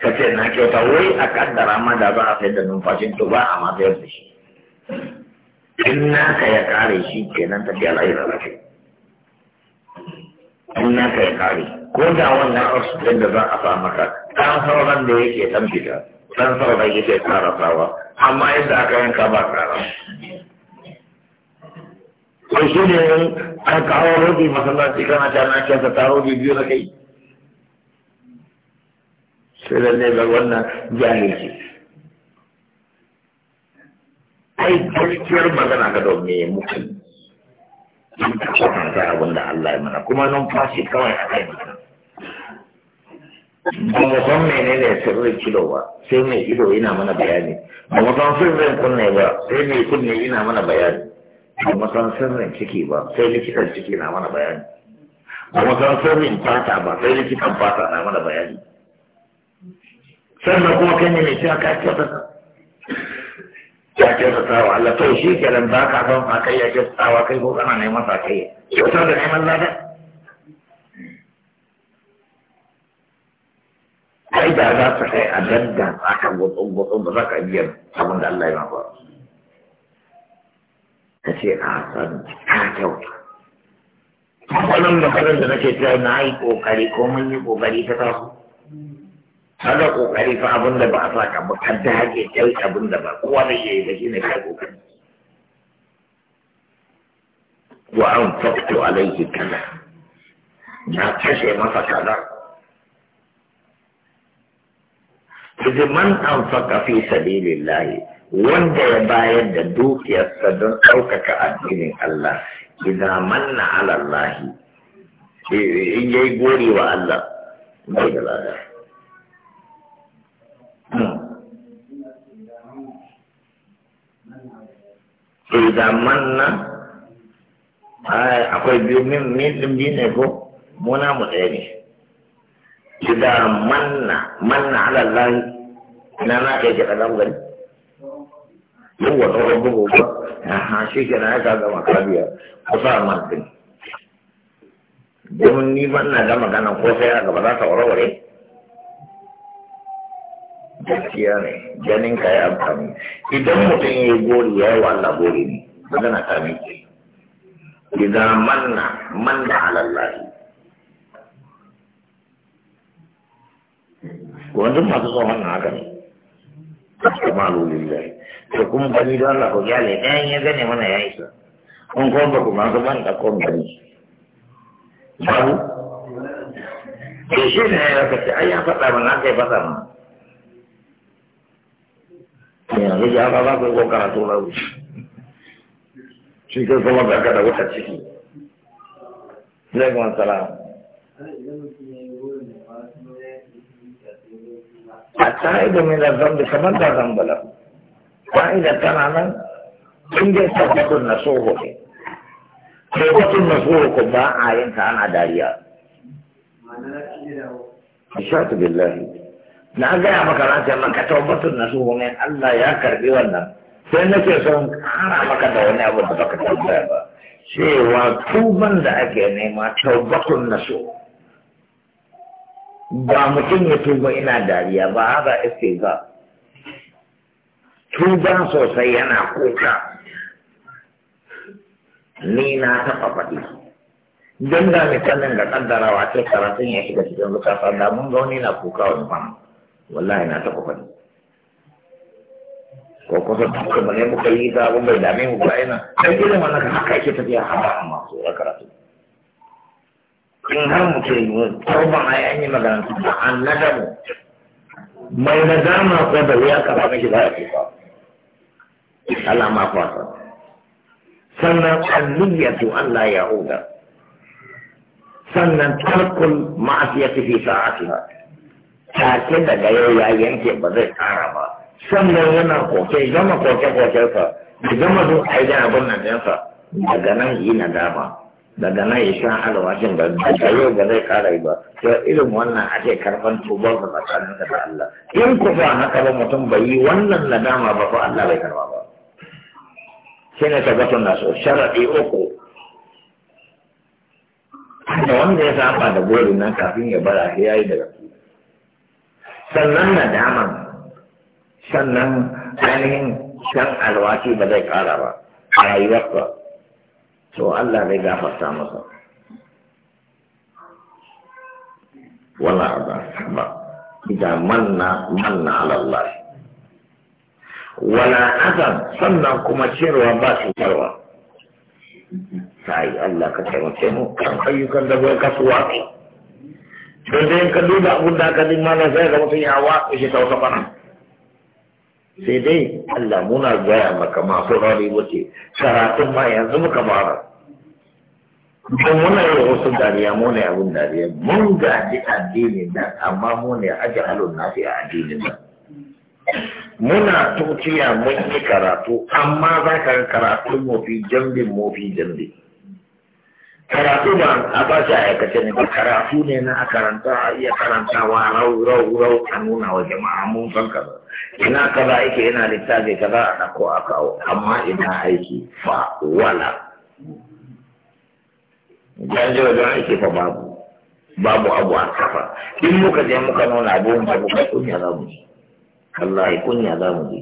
ka ce na kyauta wai a kaddara ma da ba a sayar da numfashin to ba a ma sayar da shi in naka ya kare shi kenan ta tafiya lahira lafiya in naka ya kare ko da wannan oxygen da za a sa maka Ɗan sauran da yake ɗan fita dan sauran yake karasawa amma yadda aka yanka ba kara ko shi ne an kawo rabi masallaci kana ta na kyauta ta rabi biyu na kai sai lalle ga wannan jahilci ai gaskiyar magana ka domin mutum in ka ta abin da Allah ya mana kuma numfashi kawai a kai mutum ba mu san menene sirrin kilo ba sai mai ido yana mana bayani ba mu san sirrin kunne ba sai mai kunne yana mana bayani ba mu san sirrin ciki ba sai likitan ciki na mana bayani ba mu san sirrin fata ba sai likitan fata na mana bayani sannan kuma kai ne mai cewa ka kyautata ya kyautata wa Allah to shi kenan ba ka son a kai ya kyautatawa kai ko kana neman sa kai kyautar da neman lada ai da za ta kai a dadda a kan gutsun-gutsun ba za ka biyan abin da Allah ya ba ka ce a ah, san ka kyauta wannan da da nake cewa na yi kokari ko mun yi kokari ta taso kada kokari fa abin da ba a saka ba ka dage kai abin da ba kowa zai yi da shine kai kokari wa an faktu alaihi kaza na kashe masa kaza Izi man an faka fi sabilillahi wanda ya bayar da dukiyarsa don ɗaukaka addinin Allah idan manna alallahi in yayi gori wa Allah bai da lada إذا Manna akwai biyu min min muna manna manna ala Allah ina na kai kira da gari yin wata rabu gobe ha shi na ya kaga makabiya kusa man domin ni ban na da magana ko sai a gaba za ta gaskiya ne ganin ka yi amfani idan mutum ya yi gori ya yi wa Allah gori ne magana ta miki idan manna manna alallahi wanda masu tsohon na haka ne kuma lulillahi to kuma bani don Allah ko gyale ɗayan ya gane mana ya isa kun kuma ba kuma ka ban da kun bani babu to eh, shi ne ya kace ai ya faɗa mana kai faɗa mana yanzu yara za ku yi ko karatu na wuce shi kan sama da aka da wuta ciki zai kuma salam a ka'idu min zambi kamar da zambala ka'ida tana nan in dai sabbatun na soho ne sabbatun na soho ko ba a yin ta ana dariya. Ishatu billahi. na gaya maka na ce maka tabbatar na su wani Allah ya karbi wannan sai na ce son kara maka da wani abu da baka tambaya ba cewa tuban da ake nema tabbatar na su ba mutum ya tuba ina dariya ba haka iske ba tuba sosai yana kuka ni na taɓa faɗi don da misalin ga ƙaddarawa ce karatun ya shiga cikin lukasa da mun ga wani na kuka wani fama wallahi na ta kwakwani ko kusa ta ba ne muka yi ta abin bai dame mu ba yana sai irin wannan ka haka yake tafiya haɗa a masu ra karatu in har mutum tauba a yi yi magana su da an nadamu mai nadama ko da wuya ka ba mishi ba ya ce ba Allah ma fasa sannan anniyatu Allah ya huda sannan tarkul ma'asiyati fi sa'atiha take daga yau ya yanke ba zai kara ba sannan yana koke gama koke koke sa da gama zo a yi abin nan ɗinsa daga nan yi na dama daga nan ya sha alwashin ba daga yau ba zai kara yi ba to irin wannan ake karfan tubar da tsakanin da Allah in ku ba haka ba mutum bai yi wannan nadama ba ko Allah bai karba ba shi ne tabbatun nasu sharaɗi uku da wanda ya saba da gori nan kafin ya bara ya yi daga su sannan nadaman sannan ainihin shan alwashi ba zai kara ba a rayuwarsa to Allah zai gafarta masa wala ba ba idan manna manna ala Allah wala azan sannan kuma cewa ba su tarwa sai Allah ka taimake mu kan ayyukan da bai kasuwa don dai ka duba abin da aka din malam sai ga mutum ya wa shi ta bana sai dai Allah muna gaya maka masu rari wuce karatun ma yanzu muka fara don muna yi wasu dariya mu ne abin dariya mun gaji addinin nan amma mu ne aji halin nafi a addinin nan muna tukiya mun yi karatu amma za ka karatu mu fi jambi mu fi jambi karatu ba a ba shi a aikace ne ba karatu ne na a karanta a iya karantawa rau rau rau a nuna wa jama'a mun san kaza ina kaza yake ina littafi kaza a ɗauko a kawo amma ina aiki fa wala jan ji wajen aiki fa babu babu abu a kafa in muka je muka nuna abubuwan babu kai kunya za mu ji wallahi kunya za mu ji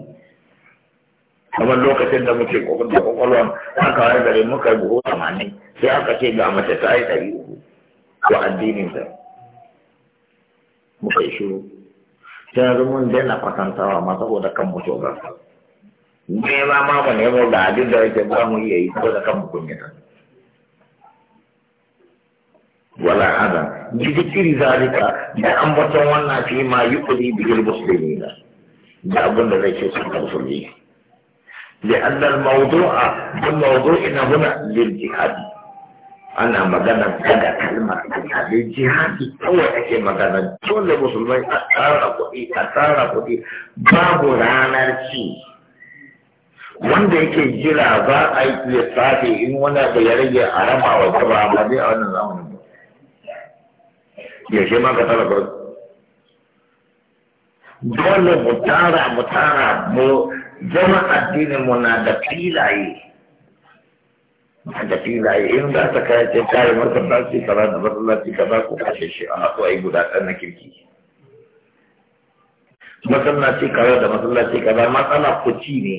kamar lokacin da muke kokon da kwakwalwan an kawai gare muka yi buhu tamanin sai aka ce ga mace ta yi ɗari uku wa addinin ta muka yi shiru sai yanzu mun daina kwatantawa ma saboda kan mu shogar ne ma ma mu nemo ga abin da yake ba mu iya yi saboda kan mu kunyata wala hada jikiri zalika da an ambaton wannan fi ma yuqli bil muslimina da abin da zai ce sun musulmi لأن الموضوع بموضوعنا هنا للجهاد أنا مجانا بدا كلمة أنا للجهاد هو أشي مجانا كل مسلمين أتارا قدي أتارا قدي باب رانا شيء wanda yake jira za a yi lissafi in wani abu ya rage a raba wa gaba amma dai a wannan zamanin ba yaushe ma ka tara ba dole mu tara mu tara mu zama addinin mu na da filaye da filaye in za ta kai ce kai masallaci kaza da masallaci kaza ko kashe shi a haɗu a yi guda ɗan na kirki masallaci kara da masallaci kaza matsala ku ci ne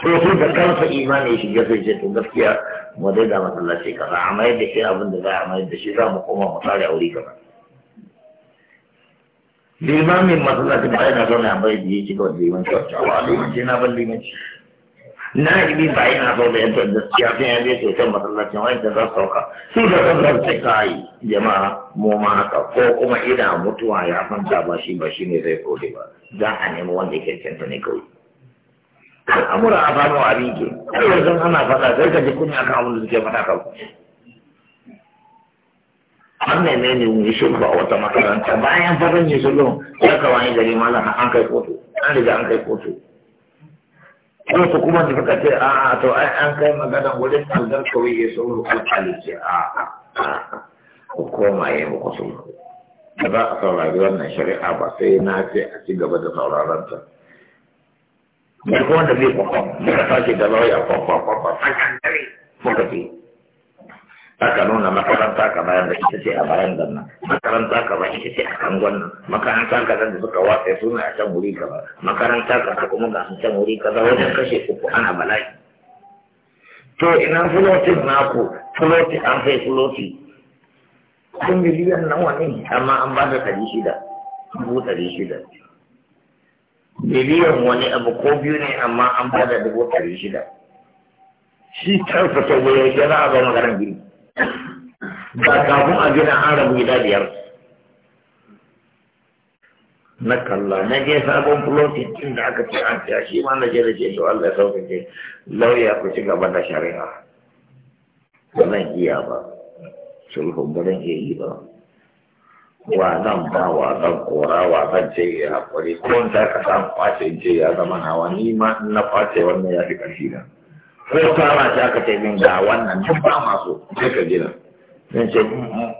ko su da kansa imani shi ya sai ce to gaskiya mu dai da masallaci kaza amma yadda shi abin da za a mai da shi za mu koma mu tsare aure gaba. limamin masallaci ba yana zaune a bai da cikin ci gaba liman kyauta ba liman ce na ban liman ci na ibi ba yana so da yadda da siyafin ya zai kyautar masallacin wani ta za su sauka su da kan zan ce ka yi jama'a mu ma haka ko kuma ina mutuwa ya fanta ba shi ba shi ne zai kode ba za a nemi wanda ya cancanta ne kawai al'amura a bano a rike kai yanzu ana faɗa sai ka ji kunya kan abin da suke faɗa kawai an neme ne mu ba wata makaranta bayan farin yi sulhu ya kawai gari malam an kai kotu an riga an kai kotu to kuma da suka ce a to ai an kai magana wurin aldar kawai ya sulhu alƙali ce a ko koma ya yi sulhu da za a saurari wannan shari'a ba sai na ce a ci gaba da sauraron ta da kuma da zai kwakwa ka sake da lauya kwakwa kwakwa sakan dare aka nuna makaranta kamar yadda ita ce a bayan nan makaranta kamar ita ce a kangon nan makaranta kaza da suka watsa suna a can wuri kaza makaranta kaza kuma ga su can wuri kaza wajen kashe uku ana bala'i to ina fulotin naku Fulotin an sai fuloti kun miliyan nawa ne amma an ba da ɗari shida dubu ɗari shida miliyan wani abu ko biyu ne amma an ba da dubu ɗari shida shi kansa sau ya gana a zama garin gini ba kafin a gina an rabu gida biyar na kalla na je sabon plotin din da aka ce an fiya shi ma na je da ce to Allah ya ce lauya ku ci gaba da shari'a ba zan iya ba sulhun ba zan iya yi ba wa zan ba wa zan kora wa zan ce ya haƙuri ko in ta ka samu kwace ce ya zama hawa ni ma na kwace wannan ya fi ƙarfi na. ko kama shi aka ce min ga wannan duk ba masu sai ka gina zan ce mm, mm,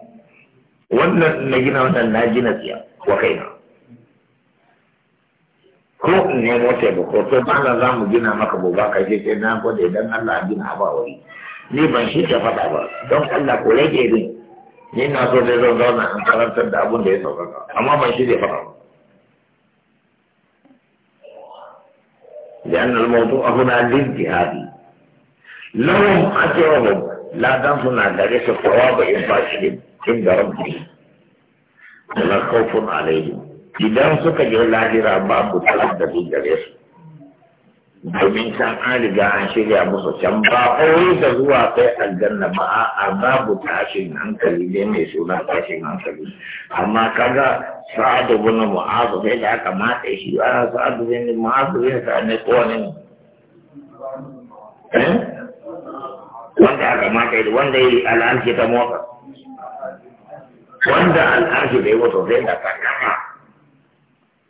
wannan na gina wannan na gina siya wa kaina ko in nemo taimako to ba na za mu gina maka boba ka je sai na gode dan Allah gina ba wuri ni ban shi ta faɗa ba don Allah ko rage ni ni na so dai zan zauna in karantar da abin da ya sauƙaƙa amma ban shi zai faɗa ba لأن الموضوع هنا للجهادي لهم أجرهم لا تنسوا درس ثواب إنفاقهم عند ربهم ولا خوف عليهم إذا سكت الآخرة da su gare su domin san an riga an shirya musu can ba kawai da zuwa kai aljanna ba a babu tashin hankali ne mai suna tashin hankali amma kaga sa'adu bin mu'azu sai da aka mata shi ba sa'adu bin mu'azu sai sa ne kowane ne wanda aka mata yi wanda yi al'arshi ta motsa wanda al'arshi bai wato zai da ta kakama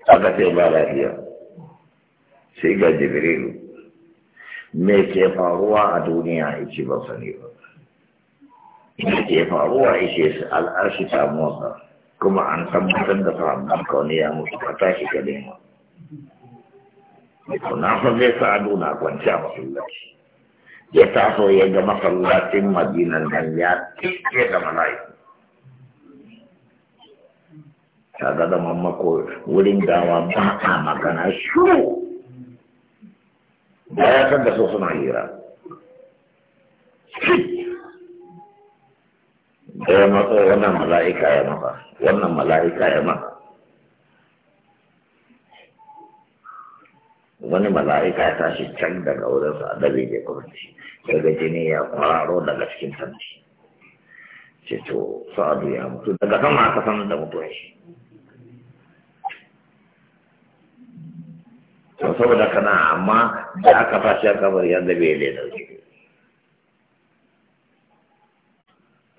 aka ce ba lafiya sai ga jibrilu me ke faruwa a duniya ice ba sani ba me ke faruwa a su al'arshi ta motsa kuma an tabbatar da sahabban kauni ya mutu ka tashi ka nema na fa zai sa aduna kwanciya masallaci ya taso ya ga masallacin madinan nan ya tike da mala'iku kaga da mamako wurin dawa ba a magana shuru da ya san da so suna hira da ya matsa wannan mala'ika ya maka wannan mala'ika ya maka wani mala'ika ya tashi can daga wurinsa a dabe da kurci daga jini ya kwararo daga cikin tanti ce to sa'adu ya mutu daga sama aka sanar da mutuwar shi to saboda kana amma da aka fashi aka bar ya dabe da dauke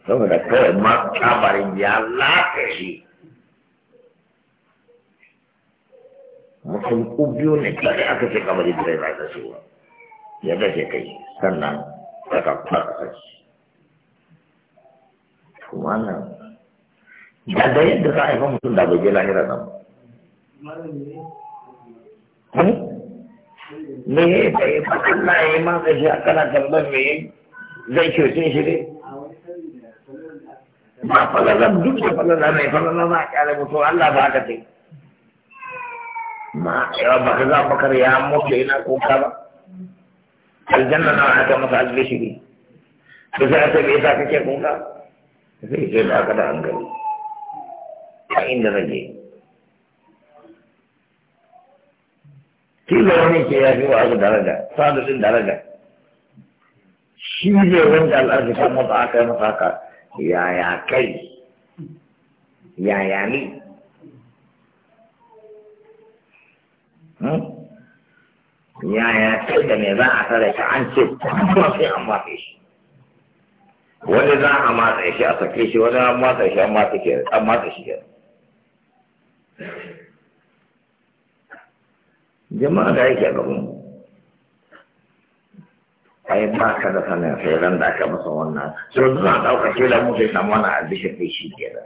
saboda kawai ma kabarin ya lafe shi mutum ubiyu ne tare aka ce kamar yadda ya rasa shi wa ya dace kai sannan daga farka shi kuma nan da da yadda za a haifa mutum da bai je lahira nan hmm? me ya yi da ya fa Allah ya yi maka shi a kana tambar me zai kyautin shi ne ba falalar duk da falalar mai falalar za a kyale mutum Allah ba ka ce ma ya ba ka bakar ya mutu yana kuka ba aljanna na aka masa albishiri to sai ta bai ta kake kuka sai sai ba ka da an gani a inda nake kila wani ke ya fi wa'azu daraja sadadin daraja shi ne wanda al'arfi ta mutu aka yi masa haka yaya kai yaya ni Hmm? yaya kai da me za a tare shi an ce kuma sai an matse shi wani za a matse shi a sake shi wani an matse shi an matse shi an matse shi jama'a da yake gaban mu ai ba ka da sanin sai ran da aka masa wannan so zuwa dauka ke da mutum samu wani albishir sai shi ke da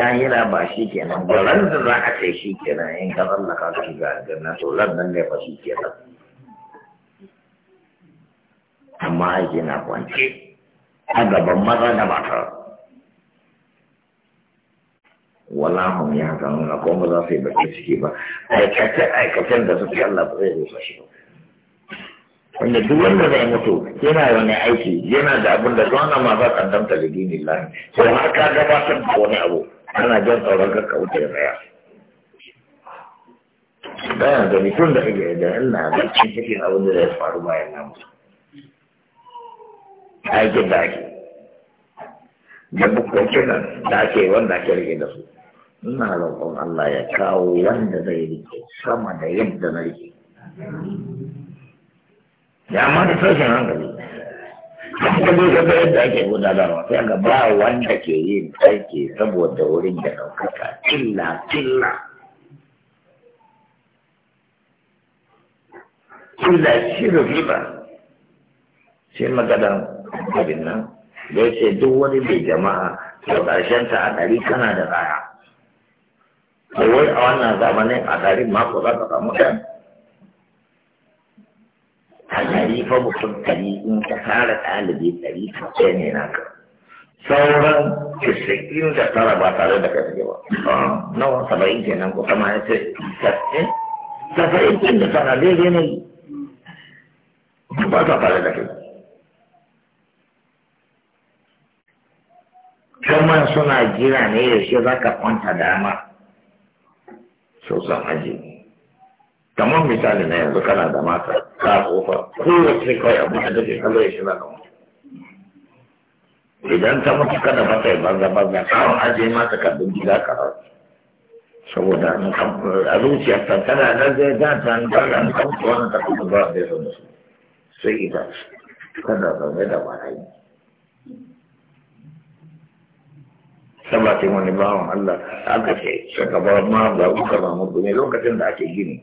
ya yana ba shi ke nan, ba ran da za a kai shi ke nan, in ka tsallaka ka ga aljanna to ran nan ne ba shi ke nan. amma aiki na kwance a gaban maza da matar wala hum ya zanu na kuma za su yi baki ciki ba aikace aikacen da suke Allah ba zai rufa shi ba wanda duk wanda zai mutu yana wani aiki yana da abin da zuwa ma za ka damta da dini lahi to ma ka gabatar da wani abu ana jan tsoron ka wuce ya tsaya bayan da mutum da ake da ina da cikin cikin abin da zai faru bayan na mutu aikin da ake da bukwanci nan da ake wanda ake rike da su ina roƙon Allah ya kawo wanda zai rike sama da yadda na rike ya ma da tashin hankali hankali ka ga yadda ake gudanarwa sai ga ba wanda ke yin aiki saboda wurin da ɗaukaka killa killa killa shirin riba sai magadan abin nan da ya ce duk wani mai jama'a da ƙarshen ta a ɗari kana da raya. Kawai a wannan zamanin a ɗari mako za ka samu kan a gari fa mutum ɗari in ka tara ɗalibi ɗari ce ne naka sauran tisa'in da tara ba tare da ka ba ah, nawa saba'in nan ko sama ya ce saba'in ɗin da tara daidai ne ba ta tare da kai kuma suna jira ne yaushe za ka kwanta dama so san aji kamar misali na yanzu kana da mata ka tsofa kowace kawai abin da take kallo ya shiga kamar idan ta mutu kada ba ta yi banza banza kawai aje ma takardun gida ka hau saboda a zuciyar ta tana nan zai da ta an daga an kamta wani takardun ba da yasa musu sai ita kada zaune da barayi sabatin wani bawan Allah aka ce shaka ba ma ba kuka ba mutu ne lokacin da ake gini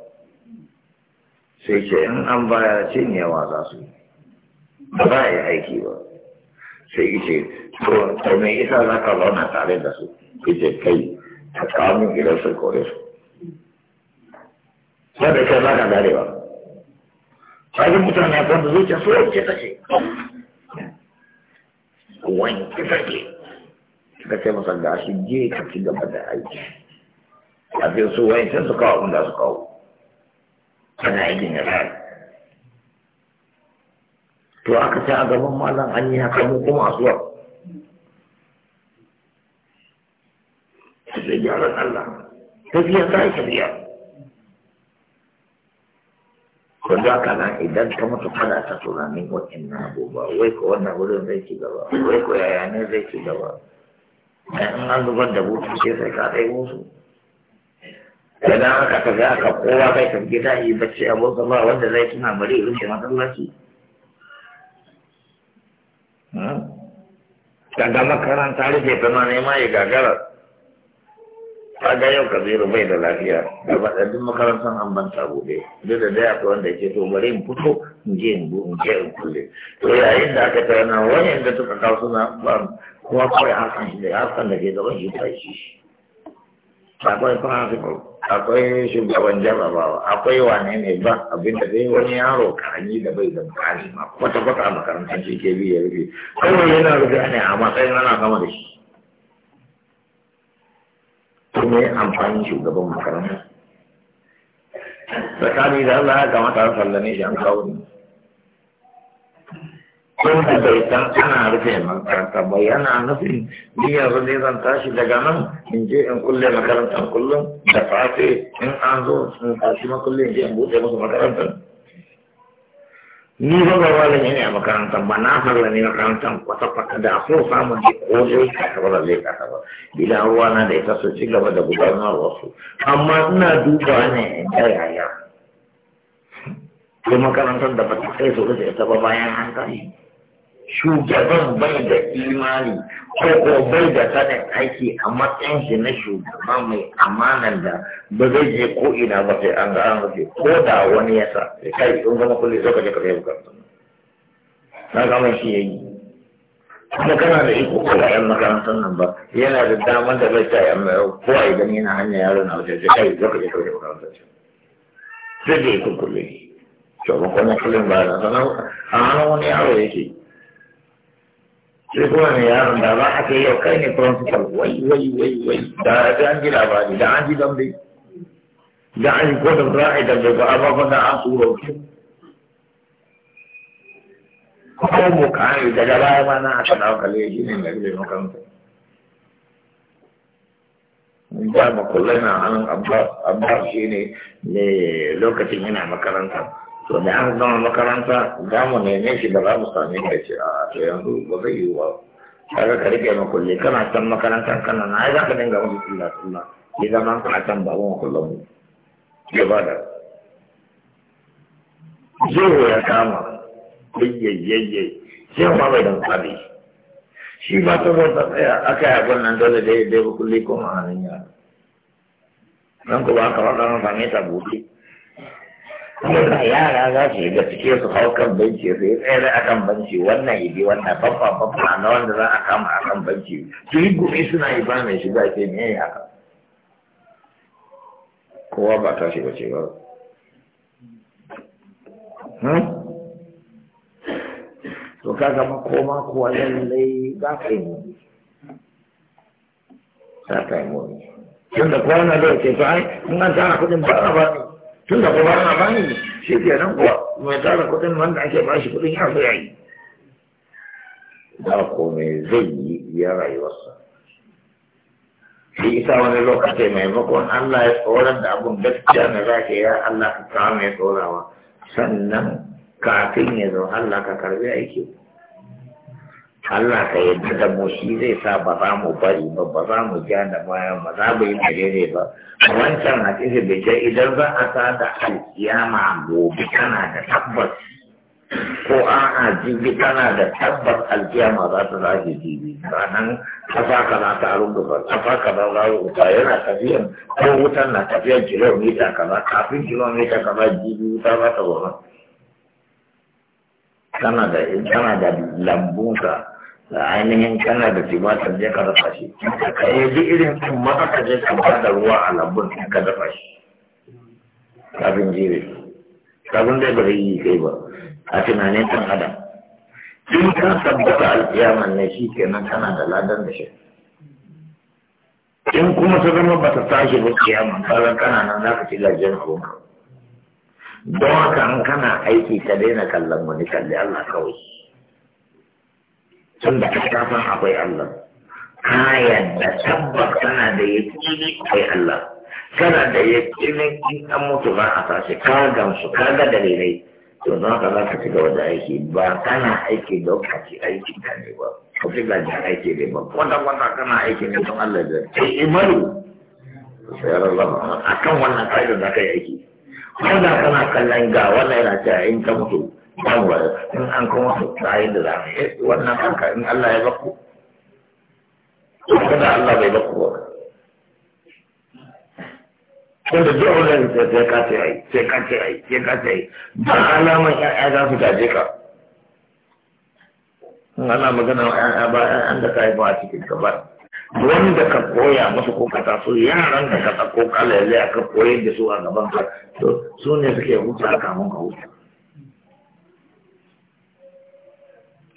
sai ce in an baya cinyewa za su ba za a yi aiki ba sai ce to ta me isa za ka zauna tare da su sai ce kai ta kamun gidan su kore su wanda kai za ka gane ba sajin mutane a kwanta zuciya su wanke take wanke take ka ce masa gashi je ka ci gaba da aiki kafin su wanke su kawo abin da su kawo kana aikin ya fara to aka ce a gaban malam an yi haka mu kuma asuwa sai gyaran Allah tafiya ta yi tafiya ko da ka nan idan ka mutu kana ta tunanin na abubuwa wai ko wannan wurin zai ci gaba wai ko yaya ne zai ci gaba in an zubar da butu sai sai ka ɗai musu idan aka tafi aka kowa kai kan gida yi bacci a abokan ba wanda zai tuna bari in ce masallaci hmm. kaga makaranta rufe ta ma nema ya gagara ga yau kabiru bai da lafiya da duk makarantar an ban sabo dai duk da dai akwai wanda ke to bari in fito in je in in je in kulle to yayin da aka tana wani da suka kawo suna ba kowa kawai hakan shi da hakan da ke gaban shi shi akwai principal akwai shugaban jarabawa akwai wane ne ba abin da zai wani yaro karami da bai da bukari ma kwata kwata a makarantar cikin biyu ya rufe kawai yana rufe ne a matsayin ana sama da shi to me amfani shugaban makaranta tsakani da Allah ya kamata a sallane shi an kawo ne wanda bai san ana rufe makaranta ba yana nufin ni yanzu zan tashi daga nan in je in kulle makarantar kullum da fafe in an zo in tashi makullin in je in buɗe musu makarantar ni ba ba ba zan yana makarantar ba na farla ne makarantar kwata-kwata da so samun ne ko zai kasa ba zai kasa ba bila ruwa na da ita su ci gaba da gudanarwa su amma ina dubawa ne in ga yaya ko makarantar da ba ta kai su rufe ta ba bayan an tashi shugaban bai da imani ko ko bai da sanin aiki a matsayin shi na shugaba mai amanan da ba zai je ko ina ba sai an ga an rufe ko da wani ya sa kai in zama kulle sai ka je ka kai sannan. na gama shi ya yi. kuma kana da iko ko da yan makarantar nan ba yana da damar da zai tsaya mai ko a gani yana hanya yaro na wajen kai ka je ka kai sannan. sai dai kulle to ba kuma kulle ba na nan. a hannun wani yaro yake sai kuma mai yaron da ba a kai yau kai ne principal wai wai wai wai da sai an ji labari da an ji dai da an yi kodin ra'ayi da bai dambe ba amma fa da an tura wuce ko mu kai daga baya ma na aka dawo kalle shi ne na gidan makaranta ba makullai na hannun abba shi ne lokacin yana makaranta to da an zama makaranta za mu neme shi ba za mu same ka ce a to yanzu ba zai yi wa. kaga ka rike ma kulle kana san makarantar kana na ai za ka dinga musu tulla tulla ya zama ka san ba mu kullum mu ya ba da zuwa ya kama yayyayyayyay sai ma bai dan tsabi shi ba ta ta tsaya aka yi abin nan dole da ya dai ba kulle kuma a nan yara nan ku ba ka faɗa na same ta buɗe kuma yara za su shiga cike su hau kan banki, su yi tsere a kan banci wannan ibi wannan babba babba na wanda za a kama a kan banci su yi gumi suna yi ba mai shiga ce me yi haka kowa ba ta shiga ce ba hmm? to ka gama koma kuwa lallai za ka yi muni za ka yi muni tunda kowa na zai ce to ai in an tara kudin ba a ba ne tun da kuma ana bani ne shi ke nan kuwa mai tara kuɗin wanda ake ba shi kuɗin ya fi yayi ko me zai yi ya rayuwarsa shi ita wani lokaci maimakon Allah ya tsoron da abun gaskiya na za ka ya Allah ka kawo mai tsorawa sannan kafin ya zo Allah ka karbi aiki Allah ka yarda da mu shi zai sa ba za mu bari ba ba za mu ja da bayan ba za mu yi menene ba wancan hadisi bai ce idan za a sa da alkiyama gobe kana da tabbas ko a'a jibi kana da tabbas alkiyama za ta zage jibi ranan ka kaza ta rubuta kasa kaza za rubuta yana tafiyan ko wutan na tafiyan kilomita kaza kafin kilomita kaza jibi wuta za ta zama kana da kana da lambunka ainihin kana da timatar je ka dafa shi ka yi duk irin kan mata ka je ka bada ruwa a lambun ka dafa shi kafin jire kafin dai ba yi kai ba a tunanin kan adam in ka sabbata alkiyama ne shi kenan kana da ladan da shi in kuma ta zama ba ta tashi ba kiyama kaga kana nan za ka ci gajiyar abun ka don haka in kana aiki ka daina kallon wani kalli Allah kawai tunda ka kafa akwai Allah ka yadda tabbas kana da yaƙini akwai Allah kana da yaƙinin in an mutu ba a tashi ka gamsu ka ga dalilai to za ka za ka ci gaba da aiki ba kana aiki da ka ci aiki ka ne ba ka ci gaba da aiki ne ba kwata kwata kana aiki ne don Allah da kai imanu sayar Allah a kan wannan ka'idar za ka yi aiki wanda kana kallon ga wannan yana cewa in ka mutu yawwa in an kuma su tsaye da zamu yi wannan haka in Allah ya baku kada Allah bai baku ba da duk wani da sai ka ce ai sai ka ce ai sai ka ce ai ba alaman ya za su gaje ka in ana magana wa ya ba an da ka ba a cikin ka ba wanda ka koya masa ko ka taso yaran da ka tsako kalale aka koyar da su a gaban ka to su ne suke huta kamun ka huta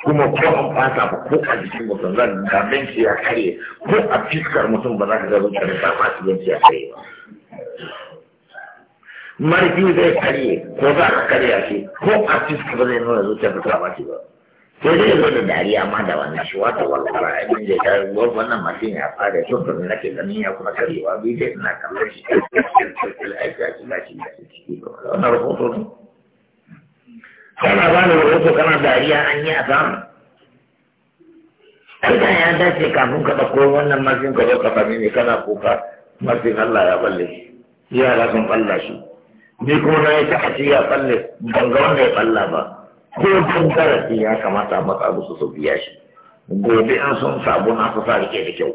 kuma ko an fata ko a jikin mutum zan da minti ya kare ko a fiskar mutum ba za ka ga da ba su minti ya kare ba marfi zai karye ko za ka karya ce ko a fiskar ba zai nuna da ba su ba Ko zai zo da dariya ma da wani shi wata walwala a yi da ya wannan mashin ya fara so na nake ganin ya kuma karewa bi dai ina kallon shi a cikin cikin aiki a cikin ciki ba wannan rahoto kana ba ni rahoto kana dariya an yi asara ai da ya dace kafin ka ɗauko wannan masin ka zo ka kana kuka masin Allah ya balle shi yara sun balla shi ni kuma na yi ta a ya balle ban ga wanda ya balla ba ko don darasi ya kamata matsa musu su biya shi gobe an sun sabu na su sa rike da kyau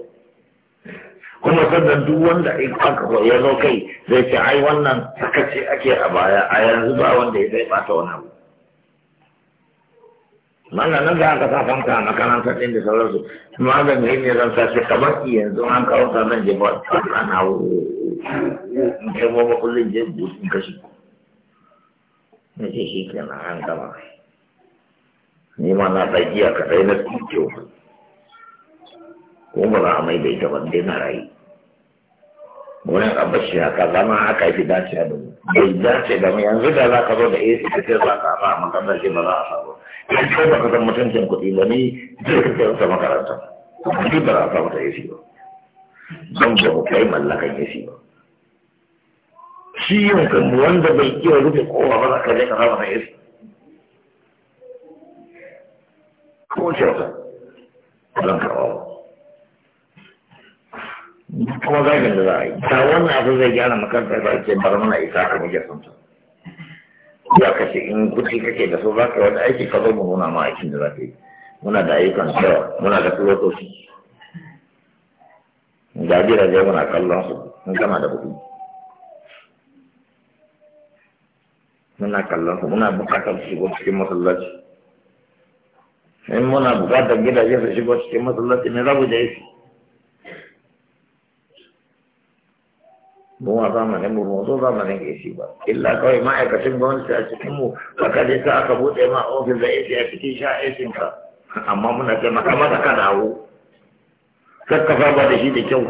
kuma sannan duk wanda aka ya zo kai zai ce ai wannan ce ake a baya a yanzu ba wanda ya zai bata wani abu mana nan za ka sa fanka a makarantar ɗin da sauransu malam yin ne zan sa sashi kamar ki yanzu an kawo sa nan je ba ana in kai ma kullum je in kashi na ce shi kenan an gama ni ma na tsakiya kaɗai na tsikiyo ko ba za a mai bai ita ba dai na rayu wurin abashi ka zama yi fi dacewa a mu bai dace da mu yanzu da za ka zo da AC da ce za ka ba shi ba za a samu Ya ce ba ka san mutuncin kuɗi ba ni zai ka kai wata makaranta ni ba za a samu ta AC ba Zan ba mu kai mallakan AC ba Shi yin kanmu wanda bai iya rufe kowa ba za ka je ka samu ta AC ko ce ka zan karɓa ba kuma zagin da za a yi ta wannan abin zai gyara makaranta ba ce bar mana isa ka muke son ta ya kashe in kuɗi kake da so za ka wani aiki ka zo mu nuna ma aikin da za ka yi muna da ayyukan cewa muna da filosofi ga zai muna kallon su in gama da kuɗi muna kallon su muna bukatar su shigo cikin masallaci in muna bukatar gidaje su shigo cikin masallaci ne za mu je su mu a zamanin mu ma ne ke shi ba illa kawai ma'aikacin gwamnati a cikin mu aka je ka aka bude ma ofis da AC a cikin sha AC ka amma muna ce maka mata ka dawo kakka ba da shi da kyau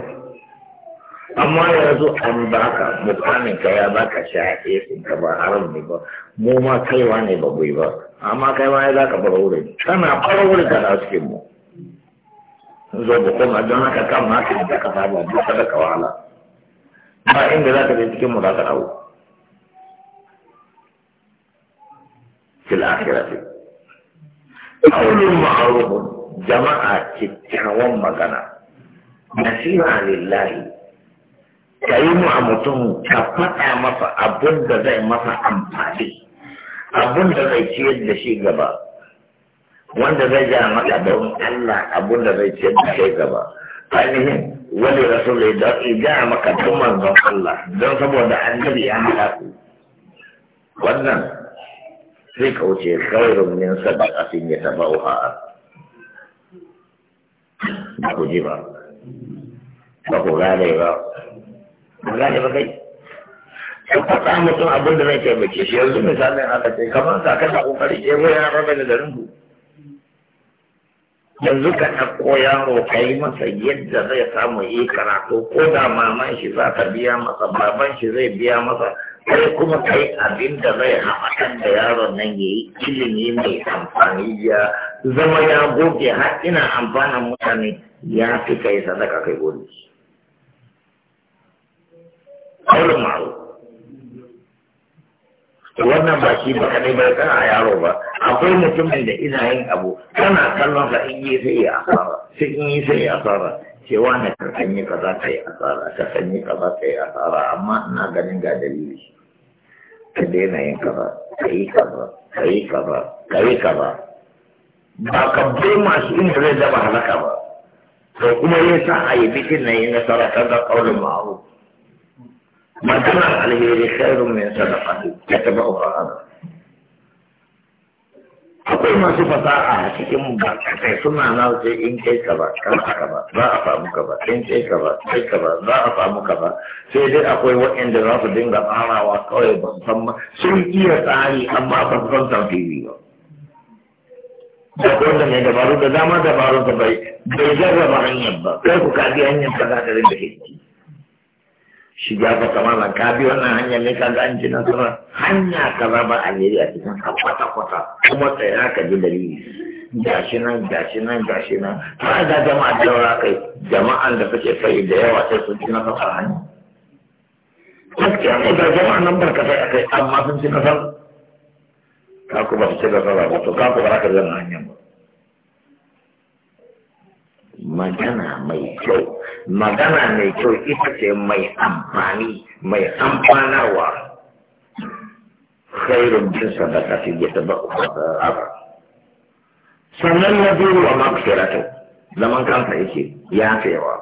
amma yanzu an baka mukamin ka ya baka sha AC ka ba haram ne ba mu ma kaiwa ne ba bai ba amma kaiwa ya zaka bar wurin kana bar wurin ka da cikin mu zo ba kuma don haka kan ma ka da ka ba duk da ka ba inda za ka je cikin mu za ka dawo fil akhirati qawlun ma'ruf jama'a kikkiawan magana nasiha lillahi ka yi mu a mutum ka faɗa masa abin da zai masa amfani abin da zai ciyar da shi gaba wanda zai ja maka don Allah abin da zai ciyar da shi gaba ainihin wani rasuli don in gaya maka tun manzon Allah don saboda annabi ya haɗa su. wannan sai ka wuce khairun min sadaqatin yatabauha ba ku ji ba ba ku gane ba ba gane ba kai sai faɗa mutum abin da zai taimake shi yanzu misalin haka sai kamar sa kana kokari ke goyon rabe da rinku yanzu ka ɗauko yaro ka yi masa yadda zai samu yi karatu ko da maman shi za ta biya masa baban shi zai biya masa kai kuma kai abin da zai haɓatar da yaron nan ya yi ilimi mai amfani ya zama ya goge har ina amfanin mutane ya fi kai sadaka kai gobe. wannan ba shi ba kadai ba kana yaro ba akwai mutumin da ina yin abu kana kallon ka in yi sai ya asara sai in yi sai ya asara cewa na ka san yi kaza kai asara ka san yi kaza kai asara amma ina ganin ga dalili ka daina yin kaza kai kaza kai kaza kai kaza ba ka bai masu inda zai daba halaka ba to kuma yasa a yi bikin na yi nasara kaza kaulin ma'ruf magana alheri khairun min sadaqati yatba'uha hada akwai masu fasaha a cikin barkatai suna na wuce in kai ka ba kan ka ba za a samu ka ba in kai ka ba kai ka ba za a samu ka ba sai dai akwai waɗanda za su dinga wa kawai ban san ma sun iya tsari amma su san tafiyi ba da wanda mai dabaru da dama dabaru ka bai bai jarraba hanyar ba kai ku kaji hanyar ka za ta rinda shiga ba kamar ka bi wannan hanyar ne ga an ji nasara hanya ka ba a yi a cikin ka kwata kwata kuma tsaya ka ji dalili gashi nan gashi nan gashi nan ta ga jama'a da yawa kai jama'an da kake kai da yawa sai sun ci nasara hanya gaskiya ne da jama'a nan barka sai akai amma sun ci nasara ka kuma su ci nasara ba to ka kuma za ka zama hanyar ba magana mai kyau magana mai kyau ita ce mai amfani mai amfanarwa khairun bin sadaqati a hada sannan na biyu wa maghfiratu zaman kansa yake ya tsayawa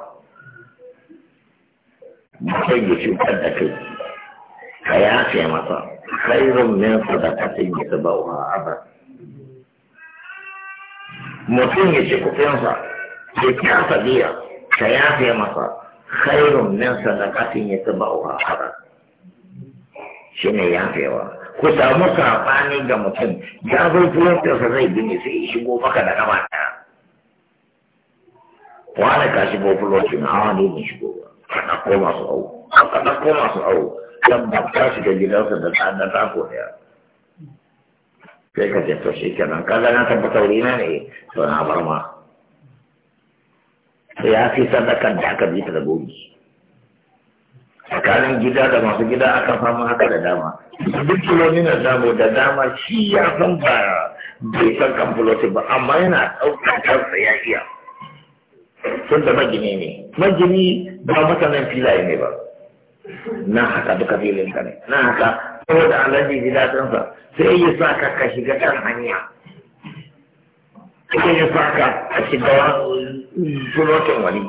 mutum ya cutar da kai ka ya tsaye masa khairun min sadaqati a hada mutum ya ce kufinsa ya kyasa biya ka yafe masa khairun min wa yatba'uha haram shine yafewa ku samu sabani ga mutum ya zo tulantar sa zai gini sai shigo maka da gaba ɗaya wani ka shigo fulotin a wani ne shigo ka ɗauko masu au ka ɗauko masu au dan ba ka shiga gidansa da ta tsada ta ko ɗaya sai ka je to shi kenan ka ga na tabbatar ne to na bar ma sai ya fi kan da aka bi ta da gobe tsakanin gida da masu gida aka samu haka da dama duk kiloni na damu da dama shi ya san ba bai san kan fulotin ba amma yana ɗaukar kansa ya iya sun da magini ne magini ba mutanen filaye ne ba na haka duka filin ka ne na haka saboda alaji gida sai ya sa ka shiga kan hanya cikin ya faka a shiga fulotin wani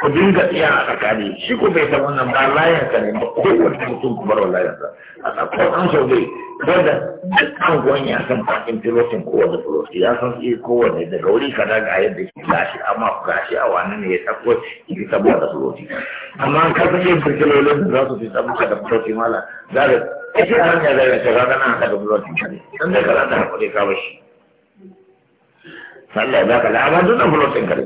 ku dinga tsaya a tsakani shi ko bai san wannan ba layarsa ne ba kowane mutum ku bar wa layarsa a tsakon an sau dai wanda duk an gwan ya san fakin ko kowane fulotin ya san iya ko kowane daga wuri kaza ga yadda shi gashi amma ku gashi a wani ne ya tsakko shi saboda fulotin amma an kasa yin firkilolin da za su fi sabuka da fulotin mala za da ita hanya zai rasa ranar da haɗa fulotin ne dan da karanta hakuri ka bashi. Allah ya baka lama duk da fulotin kare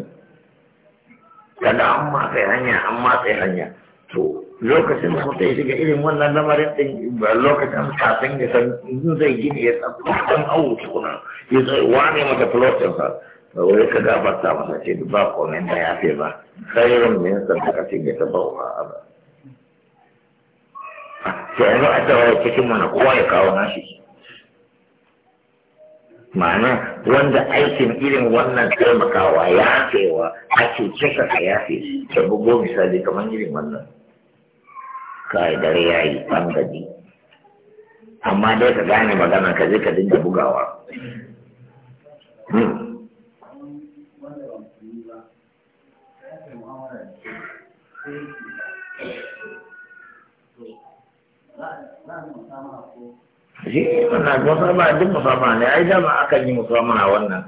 kada an matsayi hanya an matsayi hanya to lokacin da mutum ya shiga irin wannan lamarin din ba lokacin kafin ya san in zai gini ya tsabta dan awu tukuna ya zai wane mata fulotin sa ba wai ka gabata masa ce ba komen da ya fi ba khairun min sadaqatin yatabawwa abada to yanzu a tawaye cikin mana kowa ya kawo nashi ma'ana wanda aikin irin wannan taimakawa ya cewa ake cika ka yafe ta bugo misali kamar irin wannan kai dare ya yi an gaji amma dai ka gane magana ka je ka dinga bugawa hmm. Thank you. shi wannan musama duk musamman ne ai dama aka yi musamman a wannan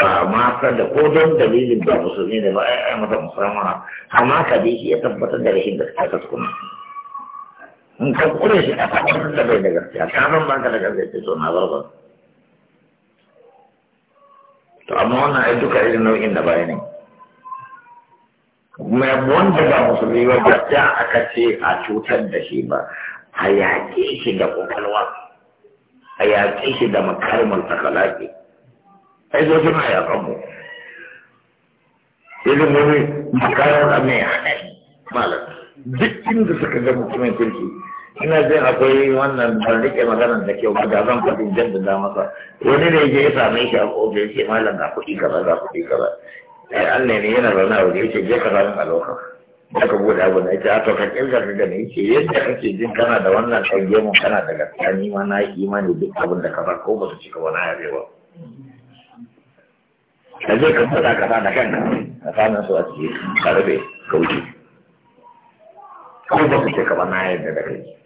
ba ma da ko don dalilin ba musulmi ne ba ai ai mata musamman amma ka bi shi ya tabbatar da rashin gaskiya ta kuma in ka kure shi a tabbatar da bai da gaskiya ka ban ba ka da gaskiya so na barba to amma wannan ai duka irin nau'in da bayani mai wanda ba musulmi ba gaskiya aka ce a cutar da shi ba a yaƙe shi da ƙwaƙwalwa a yaƙe shi da makarimar takalaki ai zo suna yaƙan wani makarar da mai hanayi. malam duk inda suka ga mutumin kirki ina jin akwai wannan ban rike maganar da kyau da zan faɗi jan da masa wani ne ya same shi a ofis ya ce malam ga kuɗi kaza ga kuɗi kaza ai Allah ne yana zaune a wuri, ya ce je ka zaune a lokacin daga bude abu da ita to ka kirga ka gane ke yadda kake jin kana da wannan kage mun kana da gaskiya ni ma na yi imani duk abin da ka ba ko ba su cika wani yabe ba da zai ka fada ka da kanka a samun su a cikin karbe kauce. ka wuce ko ba su cika wani yabe da kai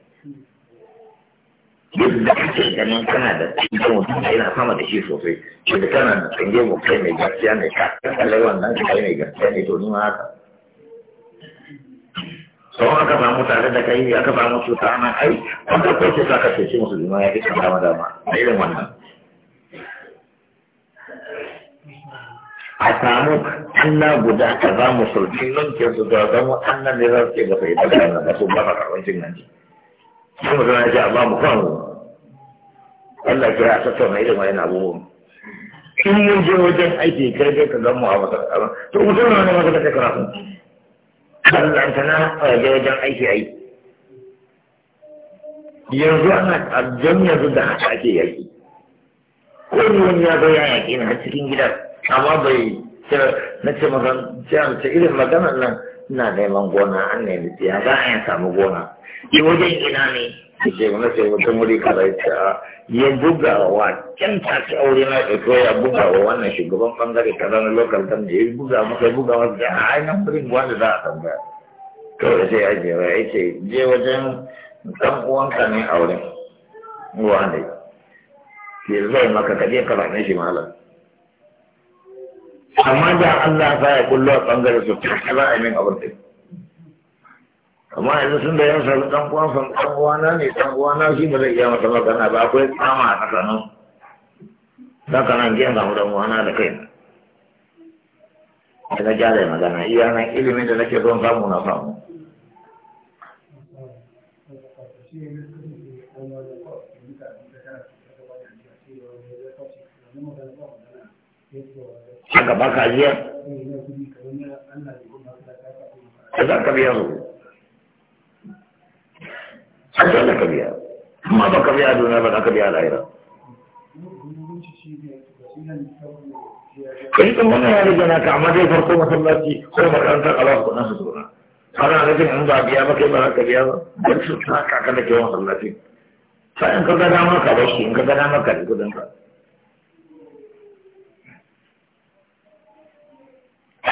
yadda kake ganin kana da cikin mutum da yana sama da shi sosai yadda kana da kage mun kai mai gaskiya ne ka kallai wannan kai mai gaskiya ne to ni ma haka sau aka samu tare da kai aka samu cuta ana ai wanda kai ce zaka ce musu zuma ya yi kama dama a irin wannan a samu Allah guda ka za mu sulci lanke su ga zama Allah ne za su ke gasa ita da nan da su ba ka karwancin nan ji sai mu zana ji a ba mu kan Allah kira a tattauna irin wani abubuwan in mun je wajen aiki kai kai ka zama a masarautar to mutum na ne ma masarautar karatu ballantana a eh, wajen aiki aiki yanzu ana abjan yanzu da haka ake yaki ko ni wani ya zo ya yaki na cikin gida amma bai na ce maka jihar irin maganar nan ina neman gona an nemi ya za a samu gona Yi wajen ina ne yake wani sai wata muri karaita ya buga wa can tashi aure na ɗauko ya buga wa wannan shugaban bangare kaza na local government ya buga masa ya buga masa da nan wurin wanda za a tambaya kawai sai ya je ya ce je wajen dan uwanka ne aure wanda ke zai maka kaje ka ne shi malam amma da Allah ya kullu a bangare su ta za a yi min abin da amma yanzu sun da yan sabu dan uwan san dan uwana ne dan uwana shi ba zai iya masa magana ba akwai tsama a tsakanin saka nan giyan samu dan uwana da kai da na gyara magana iya nan ilimin da nake don samu na samu a gaba ka jiya? Za ka biya su. a dole ka biya amma ba ka biya duniya ba za ka biya lahira kai tun wannan ya riga naka amma dai farko masallaci ko makarantar alaƙa kuɗin su tona ana nufin in ba biya ba kai ba za ka biya ba duk su ta kaka da kewan masallaci sai in ka gada maka ka bashi in ka gada maka da kuɗin ka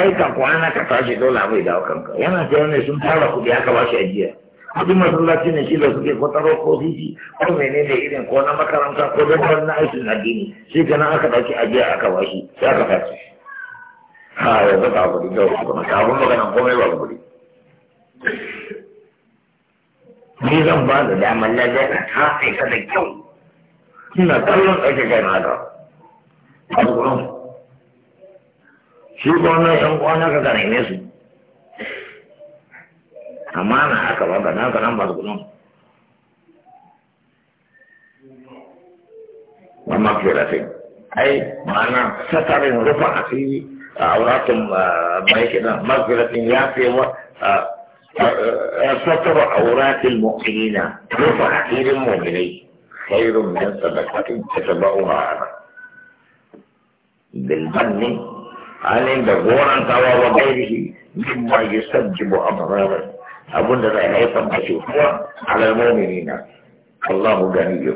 ai ka kwana ka tashi dole abu ya kanka yana ce ne sun tara kuɗi aka ba shi ajiya abin masallaci ne shi da suke kwataro ko titi ko ne irin ko na makaranta ko don na aikin addini shi kana aka dauki ajiya aka bashi shi aka sace ha yanzu ba kudi da wasu kuma kafin magana komai ba kudi ni zan ba da damar na zai na tafe ka da kyau ina kallon ɗauke kai na da shi na yan kwana ka ne su amana aka baka na haka nan ba su kudin wa makfiratin ai ma'ana satarin rufa asiri a auratun mai kidan makfiratin ya fi wa satar auratin mu'minina rufa asirin mu'minai khairun min sadaqatin tatabauha bil banni anin da goran tawa wa gairihi mimma yusabjibu amrarin أبونا لأن أيضا ما على المؤمنين الله غني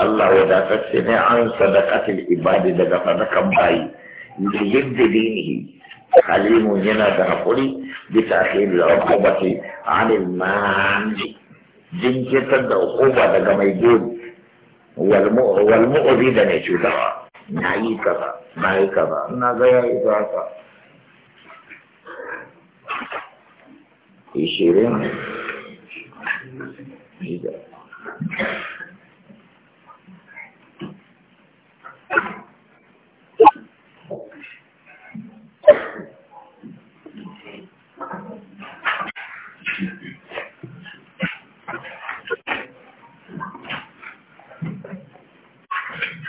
الله ودافع سنة عن صدقة الإبادة دقا دقا باي لجد دينه خليم هنا دقولي بتأخير العقوبة عن المان جن كتن عقوبة دقا ما يجود والمؤذي دنيشو دقا نعيكا نعيكا نعيكا نعيكا نعيكا ishirin shida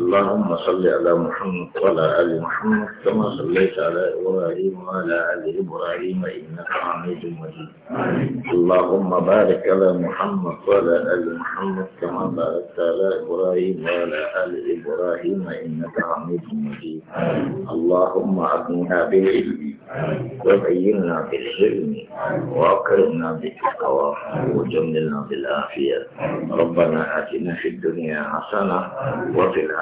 اللهم صل على محمد وعلى آل محمد كما صليت على إبراهيم وعلى آل إبراهيم إنك حميد مجيد اللهم بارك على محمد وعلى آل محمد كما باركت على إبراهيم وعلى آل إبراهيم إنك حميد مجيد اللهم أغننا بالعلم وزينا بالعلم وأكرمنا بالتقوى وجملنا بالعافية ربنا آتنا في الدنيا حسنة وفي الآخرة